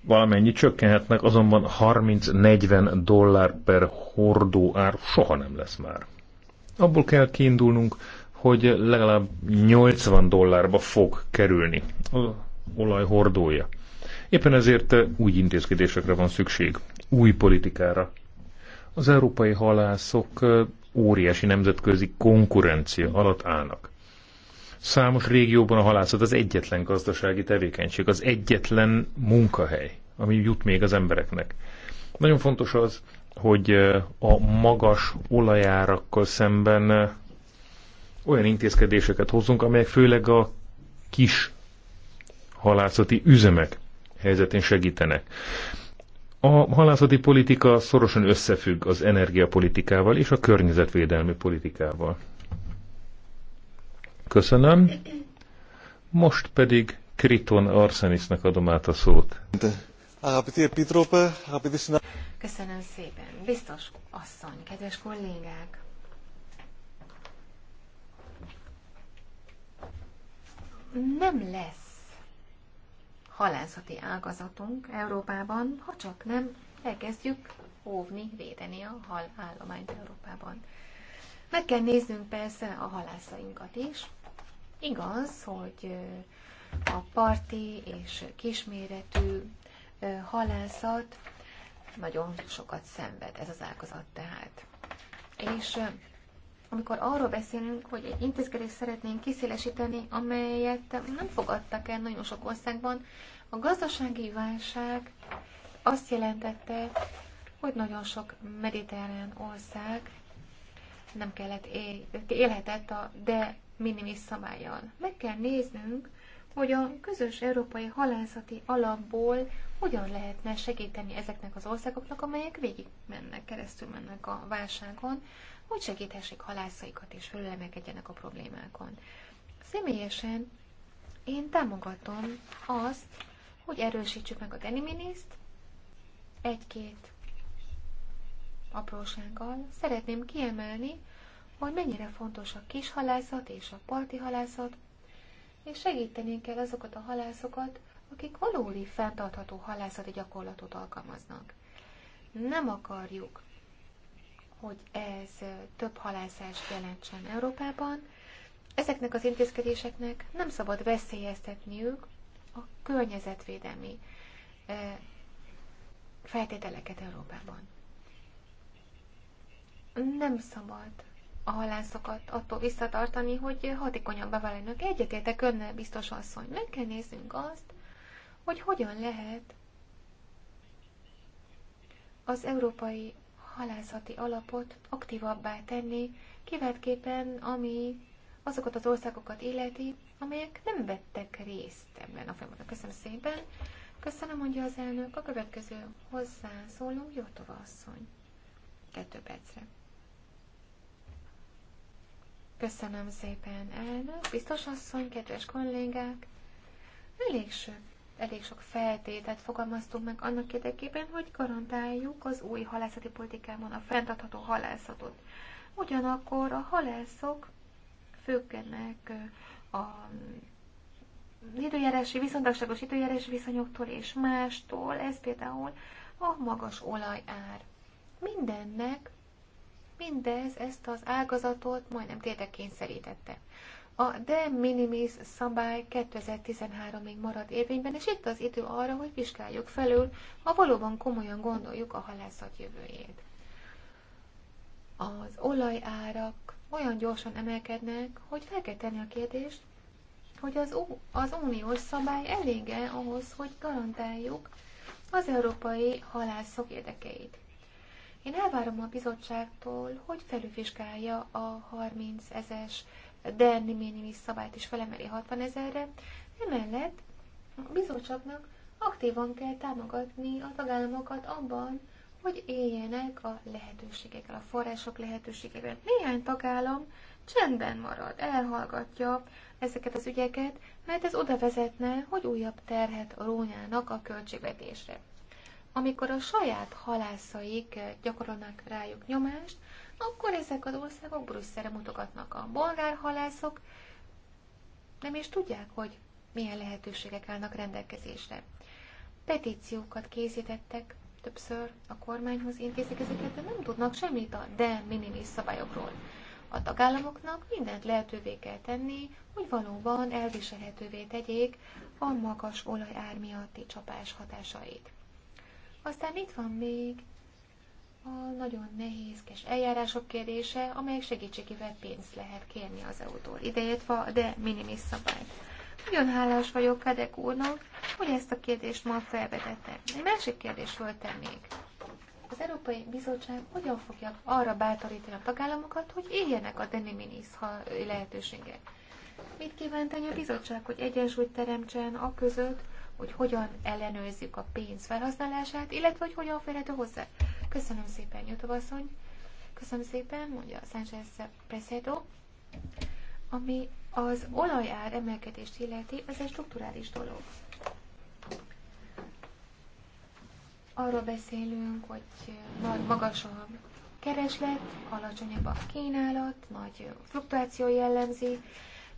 Valamennyi csökkenhetnek, azonban 30-40 dollár per hordó ár soha nem lesz már abból kell kiindulnunk, hogy legalább 80 dollárba fog kerülni az olaj hordója. Éppen ezért új intézkedésekre van szükség, új politikára. Az európai halászok óriási nemzetközi konkurencia alatt állnak. Számos régióban a halászat az egyetlen gazdasági tevékenység, az egyetlen munkahely, ami jut még az embereknek. Nagyon fontos az, hogy a magas olajárakkal szemben olyan intézkedéseket hozzunk, amelyek főleg a kis halászati üzemek helyzetén segítenek. A halászati politika szorosan összefügg az energiapolitikával és a környezetvédelmi politikával. Köszönöm. Most pedig Kriton Arsenisnek adom át a szót. De. Köszönöm szépen. Biztos asszony, kedves kollégák! Nem lesz halászati ágazatunk Európában, ha csak nem elkezdjük óvni, védeni a hal állományt Európában. Meg kell néznünk persze a halászainkat is. Igaz, hogy a parti és kisméretű halászat nagyon sokat szenved ez az ágazat tehát. És amikor arról beszélünk, hogy egy intézkedést szeretnénk kiszélesíteni, amelyet nem fogadtak el nagyon sok országban, a gazdasági válság azt jelentette, hogy nagyon sok mediterrán ország nem kellett él, élhetett a de minimis szabályjal. Meg kell néznünk, hogy a közös európai halászati alapból hogyan lehetne segíteni ezeknek az országoknak, amelyek végig mennek, keresztül mennek a válságon, hogy segíthessék halászaikat és felülemelkedjenek a problémákon. Személyesen én támogatom azt, hogy erősítsük meg a Deniminiszt, egy-két aprósággal. Szeretném kiemelni, hogy mennyire fontos a kis halászat és a parti halászat, és segíteni kell azokat a halászokat, akik valódi fenntartható halászati gyakorlatot alkalmaznak. Nem akarjuk, hogy ez több halászást jelentsen Európában. Ezeknek az intézkedéseknek nem szabad veszélyeztetniük a környezetvédelmi eh, feltételeket Európában. Nem szabad a halászokat attól visszatartani, hogy hatékonyan váljanak. Egyetértek önnel, biztos asszony. Meg kell néznünk azt, hogy hogyan lehet az európai halászati alapot aktívabbá tenni, kiváltképpen ami azokat az országokat illeti, amelyek nem vettek részt ebben a folyamatban. Köszönöm szépen. Köszönöm, mondja az elnök. A következő hozzászóló Jótova asszony. Kettő percre. Köszönöm szépen, elnök. Biztos asszony, kedves kollégák. Elég sok elég sok feltételt fogalmaztunk meg annak érdekében, hogy garantáljuk az új halászati politikában a fenntartható halászatot. Ugyanakkor a halászok függenek a időjárási, viszontagságos időjárási viszonyoktól és mástól, ez például a magas olajár. Mindennek mindez ezt az ágazatot majdnem tétek kényszerítette. A de minimis szabály 2013-ig marad érvényben, és itt az idő arra, hogy vizsgáljuk felül, ha valóban komolyan gondoljuk a halászat jövőjét. Az olajárak olyan gyorsan emelkednek, hogy fel kell tenni a kérdést, hogy az, az uniós szabály elége ahhoz, hogy garantáljuk az európai halászok érdekeit. Én elvárom a bizottságtól, hogy felülvizsgálja a 30 ezes de minimis szabályt is felemeli 60 ezerre. Emellett a bizottságnak aktívan kell támogatni a tagállamokat abban, hogy éljenek a lehetőségekkel, a források lehetőségekkel. Néhány tagállam csendben marad, elhallgatja ezeket az ügyeket, mert ez oda vezetne, hogy újabb terhet rónyának a költségvetésre. Amikor a saját halászaik gyakorolnak rájuk nyomást, akkor ezek az országok Brüsszelre mutogatnak. A bolgár halászok nem is tudják, hogy milyen lehetőségek állnak rendelkezésre. Petíciókat készítettek többször a kormányhoz intézik ezeket, de nem tudnak semmit a de minimis szabályokról. A tagállamoknak mindent lehetővé kell tenni, hogy valóban elviselhetővé tegyék a magas olajár miatti csapás hatásait. Aztán itt van még a nagyon nehézkes eljárások kérdése, amelyek segítségével pénzt lehet kérni az EU-tól, ideértve de minimis szabályt. Nagyon hálás vagyok Kadek úrnak, hogy ezt a kérdést ma felvetette. Egy másik kérdés föltennék. Az Európai Bizottság hogyan fogja arra bátorítani a tagállamokat, hogy éljenek a de minimis lehetőséget? Mit kívánt a bizottság, hogy egyensúlyt teremtsen a között, hogy hogyan ellenőrzik a pénz felhasználását, illetve hogy hogyan férhető hozzá? Köszönöm szépen, Jutov asszony. Köszönöm szépen, mondja Sánchez Presedo. Ami az olajár emelkedést illeti, ez egy strukturális dolog. Arról beszélünk, hogy nagy magas a kereslet, alacsonyabb a kínálat, nagy fluktuáció jellemzi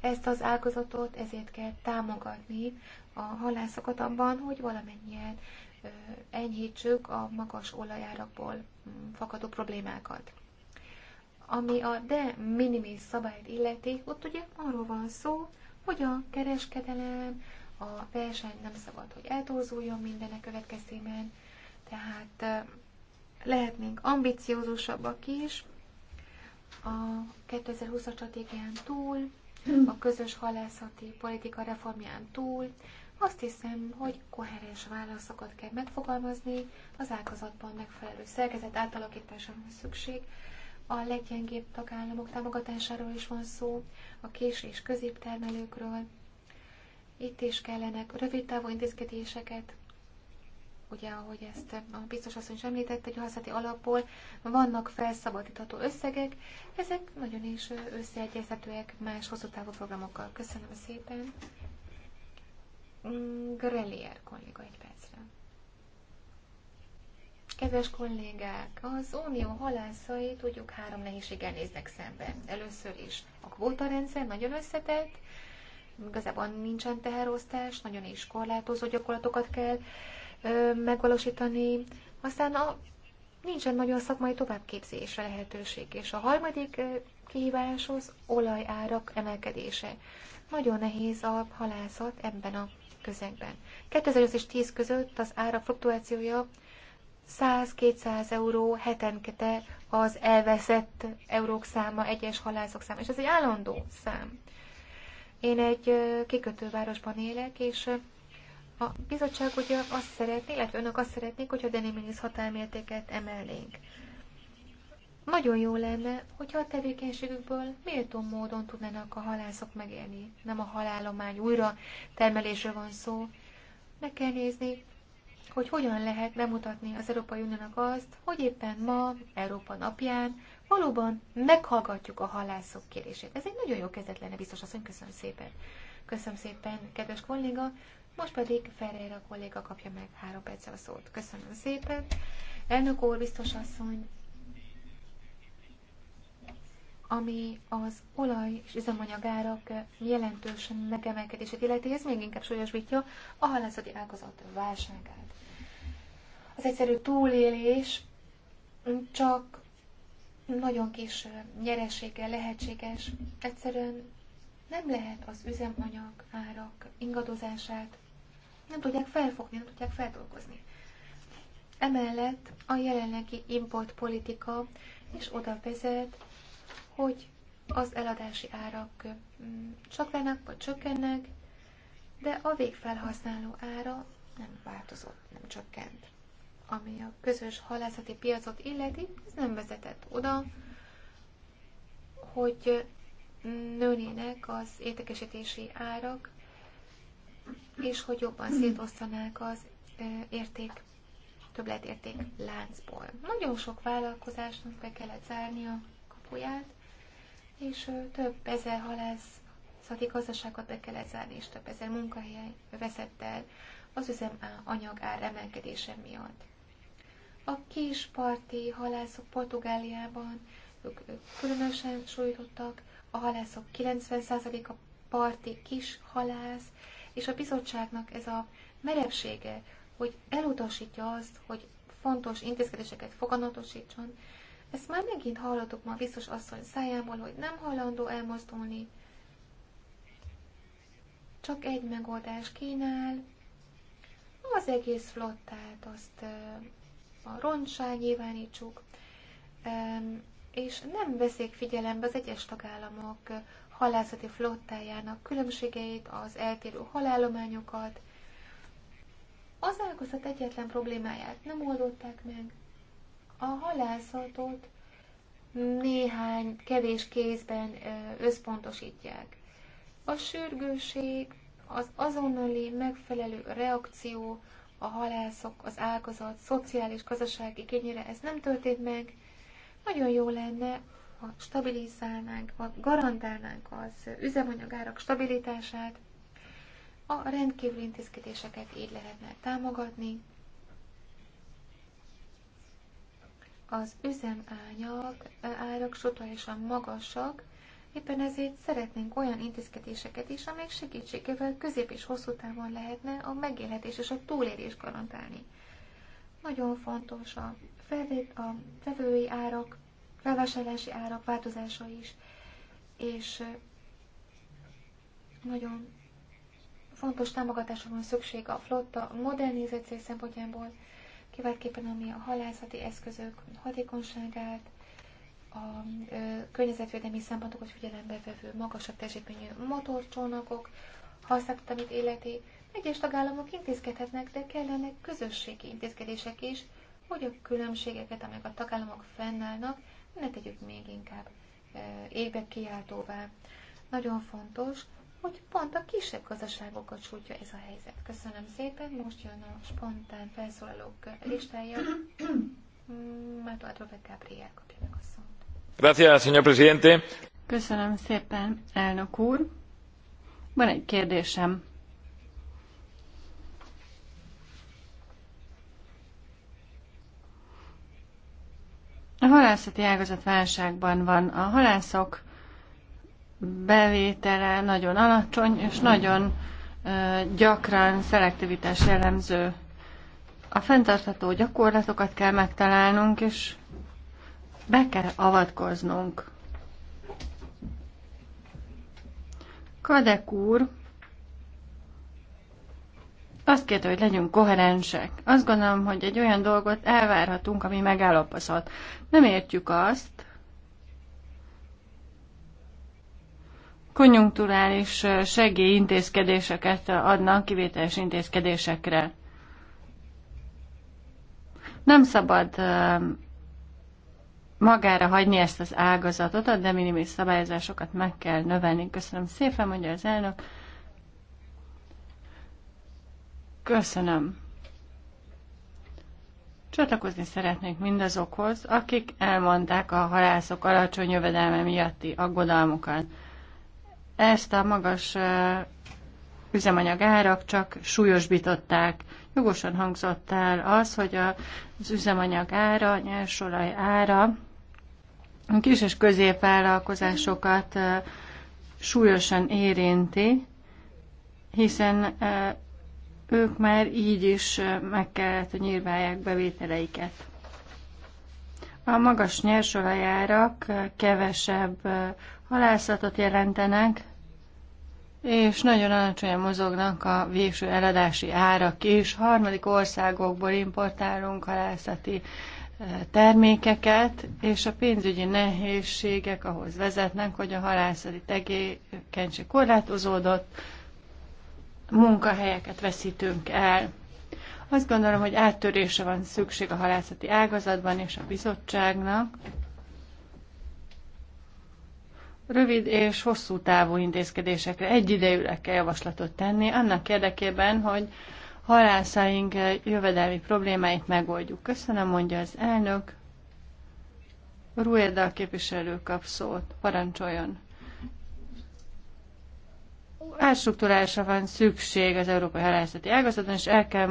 ezt az ágazatot, ezért kell támogatni a halászokat abban, hogy valamennyien enyhítsük a magas olajárakból fakadó problémákat. Ami a de minimis szabályt illeti, ott ugye arról van szó, hogy a kereskedelem, a verseny nem szabad, hogy eltorzuljon mindenek következtében, tehát eh, lehetnénk ambiciózusabbak is a 2020-as stratégián túl, a közös halászati politika reformján túl, azt hiszem, hogy koherens válaszokat kell megfogalmazni, az ágazatban megfelelő szerkezet átalakítására van szükség, a leggyengébb tagállamok támogatásáról is van szó, a kis és középtermelőkről. Itt is kellenek rövid távú intézkedéseket, ugye ahogy ezt a biztos asszony is említett, hogy a haszáti alapból vannak felszabadítható összegek, ezek nagyon is összeegyeztetőek más hosszú távú programokkal. Köszönöm szépen! Mm, Grelier kolléga egy percre. Kedves kollégák, az unió halászai tudjuk három nehézséggel néznek szembe. Először is a kvótarendszer nagyon összetett, igazából nincsen teherosztás, nagyon is korlátozó gyakorlatokat kell ö, megvalósítani. Aztán a, nincsen nagyon szakmai továbbképzésre lehetőség. És a harmadik ö, kihívás az olajárak emelkedése. Nagyon nehéz a halászat ebben a közegben. 2008 és 10 között az ára fluktuációja 100-200 euró hetenkete az elveszett eurók száma, egyes halászok száma, és ez egy állandó szám. Én egy kikötővárosban élek, és a bizottság ugye azt szeretné, illetve önök azt szeretnék, hogyha de minimis határmértéket emelnénk. Nagyon jó lenne, hogyha a tevékenységükből méltó módon tudnának a halászok megélni. Nem a halálomány újra termelésre van szó. Meg kell nézni, hogy hogyan lehet bemutatni az Európai Uniónak azt, hogy éppen ma, Európa napján valóban meghallgatjuk a halászok kérését. Ez egy nagyon jó kezdet lenne, biztos azt köszönöm szépen. Köszönöm szépen, kedves kolléga. Most pedig Ferreira kolléga kapja meg három percre a szót. Köszönöm szépen. Elnök úr, biztos asszony, ami az olaj és üzemanyagárak jelentős megemelkedését illeti, ez még inkább súlyosbítja a halászati ágazat válságát. Az egyszerű túlélés csak nagyon kis nyeressége lehetséges. Egyszerűen nem lehet az üzemanyag árak ingadozását, nem tudják felfogni, nem tudják feldolgozni. Emellett a jelenlegi importpolitika is oda vezet, hogy az eladási árak mm, csaklanak vagy csökkennek, de a végfelhasználó ára nem változott, nem csökkent. Ami a közös halászati piacot illeti, ez nem vezetett oda, hogy nőnének az értékesítési árak, és hogy jobban szétosztanák az érték, többletérték láncból. Nagyon sok vállalkozásnak be kellett zárnia a kapuját, és több ezer halászati gazdaságot be kellett zárni, és több ezer munkahely veszett el az üzem anyag ár emelkedése miatt. A kisparti halászok Portugáliában ők különösen súlytottak, a halászok 90%-a parti kis halász, és a bizottságnak ez a merevsége, hogy elutasítja azt, hogy fontos intézkedéseket foganatosítson, ezt már megint hallottuk ma biztos asszony szájából, hogy nem hajlandó elmozdulni. Csak egy megoldás kínál. Az egész flottát, azt a roncsá nyilvánítsuk, és nem veszik figyelembe az egyes tagállamok halászati flottájának különbségeit, az eltérő halállományokat. Az ágazat egyetlen problémáját nem oldották meg, a halászatot néhány kevés kézben összpontosítják. A sürgőség, az azonnali megfelelő reakció, a halászok, az ágazat, szociális, gazdasági kényére, ez nem történt meg. Nagyon jó lenne, ha stabilizálnánk, ha garantálnánk az üzemanyagárak stabilitását, a rendkívüli intézkedéseket így lehetne támogatni. az üzemanyag árak sotlálisan magasak, éppen ezért szeretnénk olyan intézkedéseket is, amelyek segítségével közép és hosszú távon lehetne a megélhetés és a túlélés garantálni. Nagyon fontos a, felvét, a vevői árak, felvásárlási árak változása is, és nagyon fontos támogatásra van szükség a flotta modernizáció szempontjából, kiváltképpen ami a halászati eszközök hatékonyságát, a ö, környezetvédelmi szempontokat figyelembe vevő magasabb teljesítményű motorcsónakok használatot, amit életi. Egyes tagállamok intézkedhetnek, de kellene közösségi intézkedések is, hogy a különbségeket, amelyek a tagállamok fennállnak, ne tegyük még inkább égbe kiáltóvá. Nagyon fontos, hogy pont a kisebb gazdaságokat sújtja ez a helyzet. Köszönöm szépen, most jön a spontán felszólalók listája. Mm, Mátolát Robert Gabriel kapja meg a szót. Gracias, señor presidente. Köszönöm szépen, elnök úr. Van egy kérdésem. A halászati ágazat válságban van. A halászok bevétele nagyon alacsony, és nagyon gyakran szelektivitás jellemző. A fenntartható gyakorlatokat kell megtalálnunk, és be kell avatkoznunk. Kadek úr azt kérte, hogy legyünk koherensek. Azt gondolom, hogy egy olyan dolgot elvárhatunk, ami megállapozhat. Nem értjük azt, konjunkturális segélyintézkedéseket adnak kivételes intézkedésekre. Nem szabad magára hagyni ezt az ágazatot, a de minimis szabályozásokat meg kell növelni. Köszönöm szépen, mondja az elnök. Köszönöm. Csatlakozni szeretnék mindazokhoz, akik elmondták a halászok alacsony jövedelme miatti aggodalmukat. Ezt a magas üzemanyagárak csak súlyosbították. Jogosan hangzott el az, hogy az üzemanyag ára, nyersolaj ára a kis és középvállalkozásokat súlyosan érinti, hiszen ők már így is meg kellett, hogy nyírválják bevételeiket. A magas nyersolajárak kevesebb halászatot jelentenek, és nagyon alacsonyan mozognak a végső eladási árak is. Harmadik országokból importálunk halászati termékeket, és a pénzügyi nehézségek ahhoz vezetnek, hogy a halászati tegékenység korlátozódott, munkahelyeket veszítünk el. Azt gondolom, hogy áttörése van szükség a halászati ágazatban és a bizottságnak, rövid és hosszú távú intézkedésekre egyidejűleg kell javaslatot tenni, annak érdekében, hogy halászaink jövedelmi problémáit megoldjuk. Köszönöm, mondja az elnök. Rueda képviselő kap szót. Parancsoljon. Árstruktúrálásra van szükség az európai halászati ágazaton, és el kell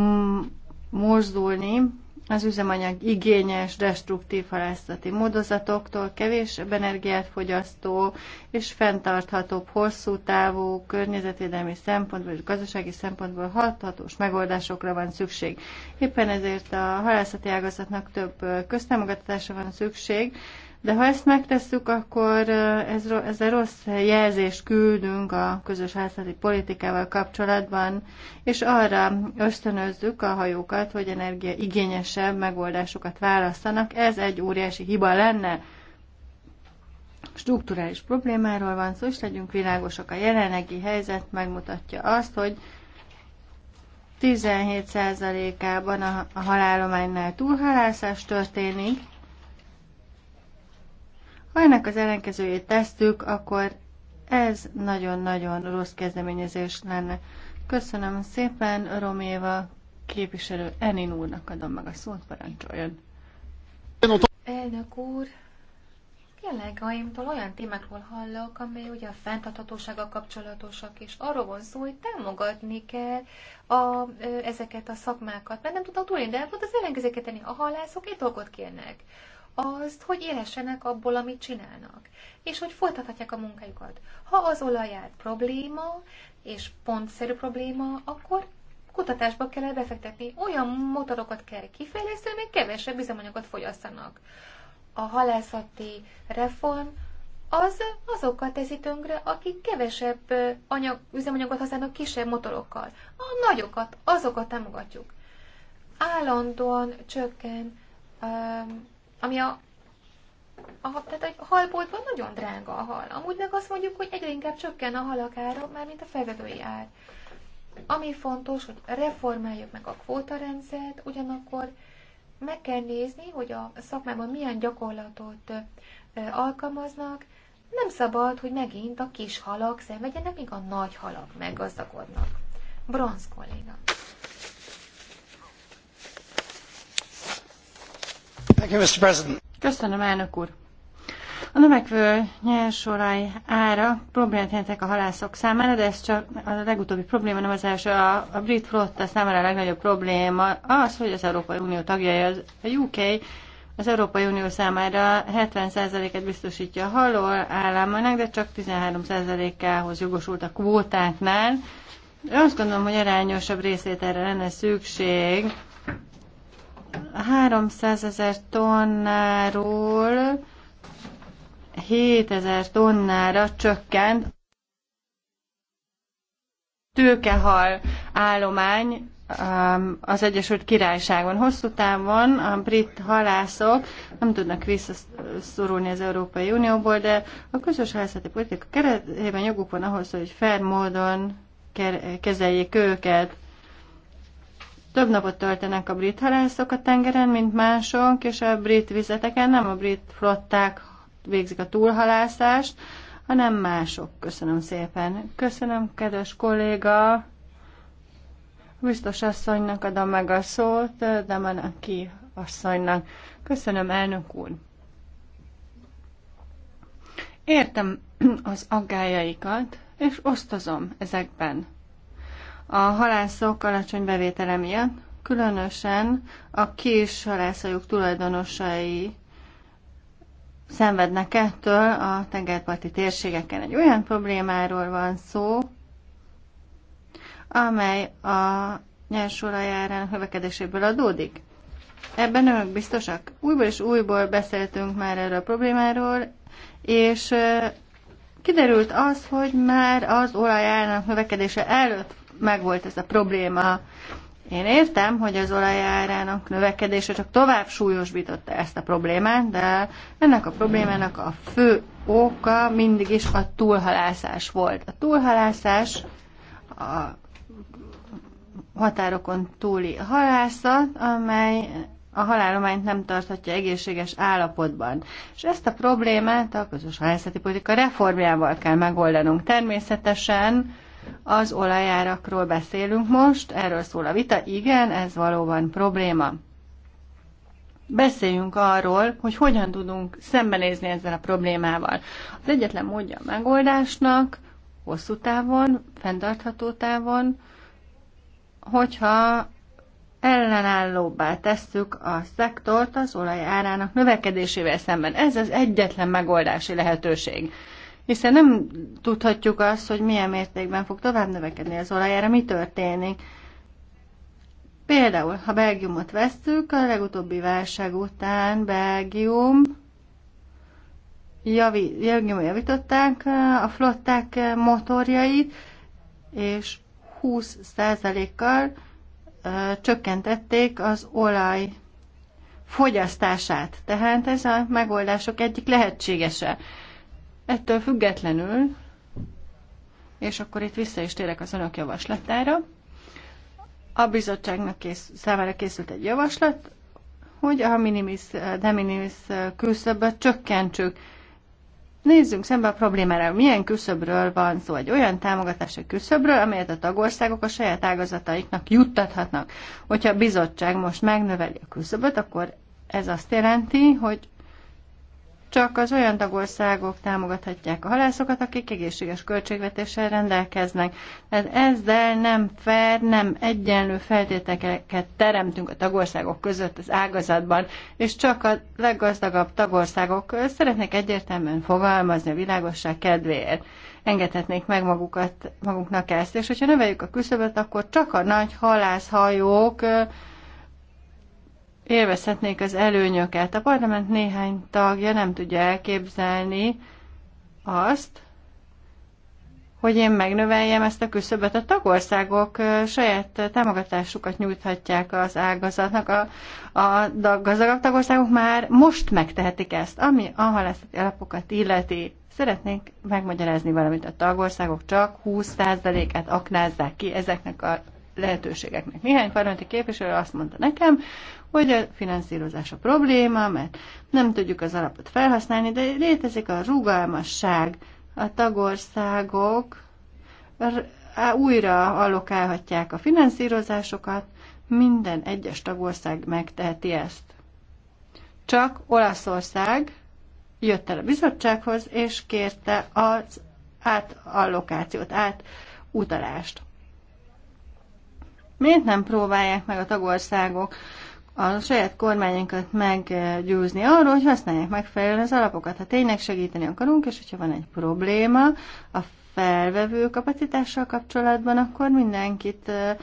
uh, mozdulni az üzemanyag igényes, destruktív halászati módozatoktól, kevés energiát fogyasztó és fenntarthatóbb, hosszú távú, környezetvédelmi szempontból és gazdasági szempontból hathatós megoldásokra van szükség. Éppen ezért a halászati ágazatnak több köztámogatásra van szükség, de ha ezt megtesszük, akkor ez, ezzel rossz jelzést küldünk a közös házati politikával kapcsolatban, és arra ösztönözzük a hajókat, hogy energiaigényesebb megoldásokat választanak. Ez egy óriási hiba lenne. Strukturális problémáról van szó, és legyünk világosak. A jelenlegi helyzet megmutatja azt, hogy 17%-ában a halálománynál túlhalászás történik, ha ennek az ellenkezőjét tesztük, akkor ez nagyon-nagyon rossz kezdeményezés lenne. Köszönöm szépen, Roméva képviselő Enin úrnak adom meg a szót, parancsoljon. Elnök úr, kollégáimtól olyan témákról hallok, amely ugye a fenntarthatósággal kapcsolatosak, és arról van szó, hogy támogatni kell a, ezeket a szakmákat, mert nem tudnak túlni, de pont hát az ellenkezőket tenni. A halászok egy dolgot kérnek azt, hogy élhessenek abból, amit csinálnak, és hogy folytathatják a munkájukat. Ha az olajár probléma, és pontszerű probléma, akkor kutatásba kell befektetni. Olyan motorokat kell kifejleszteni, amelyek kevesebb üzemanyagot fogyasztanak. A halászati reform az azokat teszi tönkre, akik kevesebb anyag, üzemanyagot használnak kisebb motorokkal. A nagyokat, azokat támogatjuk. Állandóan csökken um, ami a, a tehát a halboltban nagyon drága a hal. Amúgy meg azt mondjuk, hogy egyre inkább csökken a halak ára, mint a fevedői ár. Ami fontos, hogy reformáljuk meg a kvótarendszert, ugyanakkor meg kell nézni, hogy a szakmában milyen gyakorlatot alkalmaznak. Nem szabad, hogy megint a kis halak szenvedjenek, míg a nagy halak meggazdagodnak. Bronz kolléga. Köszönöm, elnök úr. A növekvő nyersolaj ára problémát jelentek a halászok számára, de ez csak a legutóbbi probléma, nem az első. A, a brit flotta számára a legnagyobb probléma az, hogy az Európai Unió tagjai, az, a UK az Európai Unió számára 70%-et biztosítja a halol államának, de csak 13%-ához jogosult a kvótáknál. Azt gondolom, hogy arányosabb részét erre lenne szükség 300 ezer tonnáról 7 ezer tonnára csökkent tőkehal állomány um, az Egyesült Királyságon. Hosszú távon a brit halászok nem tudnak visszaszorulni az Európai Unióból, de a közös halászati politika keretében joguk van ahhoz, hogy fair módon kezeljék őket. Több napot töltenek a brit halászok a tengeren, mint mások, és a brit vizeteken nem a brit flották végzik a túlhalászást, hanem mások. Köszönöm szépen. Köszönöm, kedves kolléga. Biztos asszonynak adom meg a szót, de van ki asszonynak. Köszönöm, elnök úr. Értem az aggájaikat, és osztozom ezekben a halászok alacsony bevétele miatt, különösen a kis halászajog tulajdonosai szenvednek ettől a tengerparti térségeken. Egy olyan problémáról van szó, amely a nyersolajárán növekedéséből adódik. Ebben önök biztosak? Újból és újból beszéltünk már erről a problémáról, és kiderült az, hogy már az olajárának növekedése előtt megvolt ez a probléma. Én értem, hogy az olajárának növekedése csak tovább súlyosbította ezt a problémát, de ennek a problémának a fő oka mindig is a túlhalászás volt. A túlhalászás a határokon túli halászat, amely a halálományt nem tarthatja egészséges állapotban. És ezt a problémát a közös halászati politika reformjával kell megoldanunk. Természetesen az olajárakról beszélünk most, erről szól a vita, igen, ez valóban probléma. Beszéljünk arról, hogy hogyan tudunk szembenézni ezzel a problémával. Az egyetlen módja a megoldásnak, hosszú távon, fenntartható távon, hogyha ellenállóbbá tesszük a szektort az olaj árának növekedésével szemben. Ez az egyetlen megoldási lehetőség hiszen nem tudhatjuk azt, hogy milyen mértékben fog tovább növekedni az olajára, mi történik. Például, ha Belgiumot vesztük, a legutóbbi válság után Belgium javi, Belgium javították a flották motorjait, és 20%-kal csökkentették az olaj fogyasztását. Tehát ez a megoldások egyik lehetségese. Ettől függetlenül, és akkor itt vissza is térek az önök javaslatára, a bizottságnak kész, számára készült egy javaslat, hogy a minimis, de minimis külszöbbet csökkentsük. Nézzünk szembe a problémára. Milyen küszöbről van szó? Egy olyan támogatási küszöbről, amelyet a tagországok a saját ágazataiknak juttathatnak. Hogyha a bizottság most megnöveli a küszöböt, akkor ez azt jelenti, hogy csak az olyan tagországok támogathatják a halászokat, akik egészséges költségvetéssel rendelkeznek. Tehát ezzel nem fair, nem egyenlő feltételeket teremtünk a tagországok között az ágazatban, és csak a leggazdagabb tagországok szeretnek egyértelműen fogalmazni a világosság kedvéért engedhetnék meg magukat, magunknak ezt. És hogyha növeljük a küszöböt, akkor csak a nagy halászhajók élvezhetnék az előnyöket. A parlament néhány tagja nem tudja elképzelni azt, hogy én megnöveljem ezt a küszöbet. A tagországok saját támogatásukat nyújthatják az ágazatnak. A, a gazdagabb tagországok már most megtehetik ezt, ami a halászati alapokat illeti. Szeretnék megmagyarázni valamit. A tagországok csak 20%-át aknázzák ki ezeknek a lehetőségeknek. Néhány parlamenti képviselő azt mondta nekem, hogy a finanszírozás a probléma, mert nem tudjuk az alapot felhasználni, de létezik a rugalmasság. A tagországok újra allokálhatják a finanszírozásokat, minden egyes tagország megteheti ezt. Csak Olaszország jött el a bizottsághoz, és kérte az átallokációt, átutalást. Miért nem próbálják meg a tagországok a saját kormányunkat meggyőzni arról, hogy használják megfelelően az alapokat. Ha tényleg segíteni akarunk, és hogyha van egy probléma a felvevő kapacitással kapcsolatban, akkor mindenkit eh,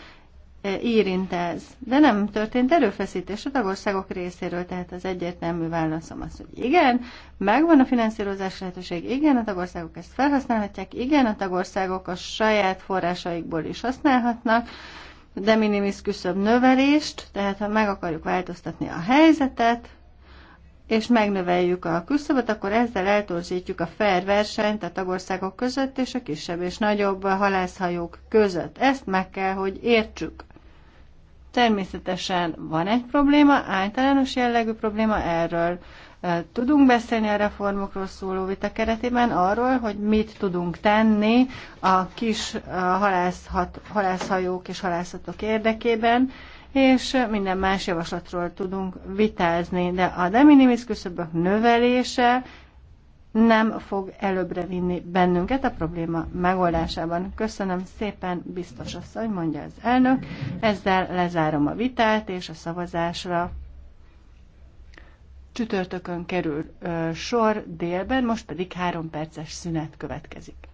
érint ez. De nem történt erőfeszítés a tagországok részéről, tehát az egyértelmű válaszom az, hogy igen, megvan a finanszírozás lehetőség, igen, a tagországok ezt felhasználhatják, igen, a tagországok a saját forrásaikból is használhatnak, de minimis küszöbb növelést, tehát ha meg akarjuk változtatni a helyzetet, és megnöveljük a küszöböt, akkor ezzel eltorzítjuk a fair versenyt a tagországok között és a kisebb és nagyobb halászhajók között. Ezt meg kell, hogy értsük. Természetesen van egy probléma, általános jellegű probléma, erről Tudunk beszélni a reformokról szóló vita keretében arról, hogy mit tudunk tenni a kis halászhat, halászhajók és halászatok érdekében, és minden más javaslatról tudunk vitázni, de a de minimis küszöbök növelése nem fog előbbre vinni bennünket a probléma megoldásában. Köszönöm szépen, biztos asszony, mondja az elnök. Ezzel lezárom a vitát, és a szavazásra csütörtökön kerül sor délben, most pedig három perces szünet következik.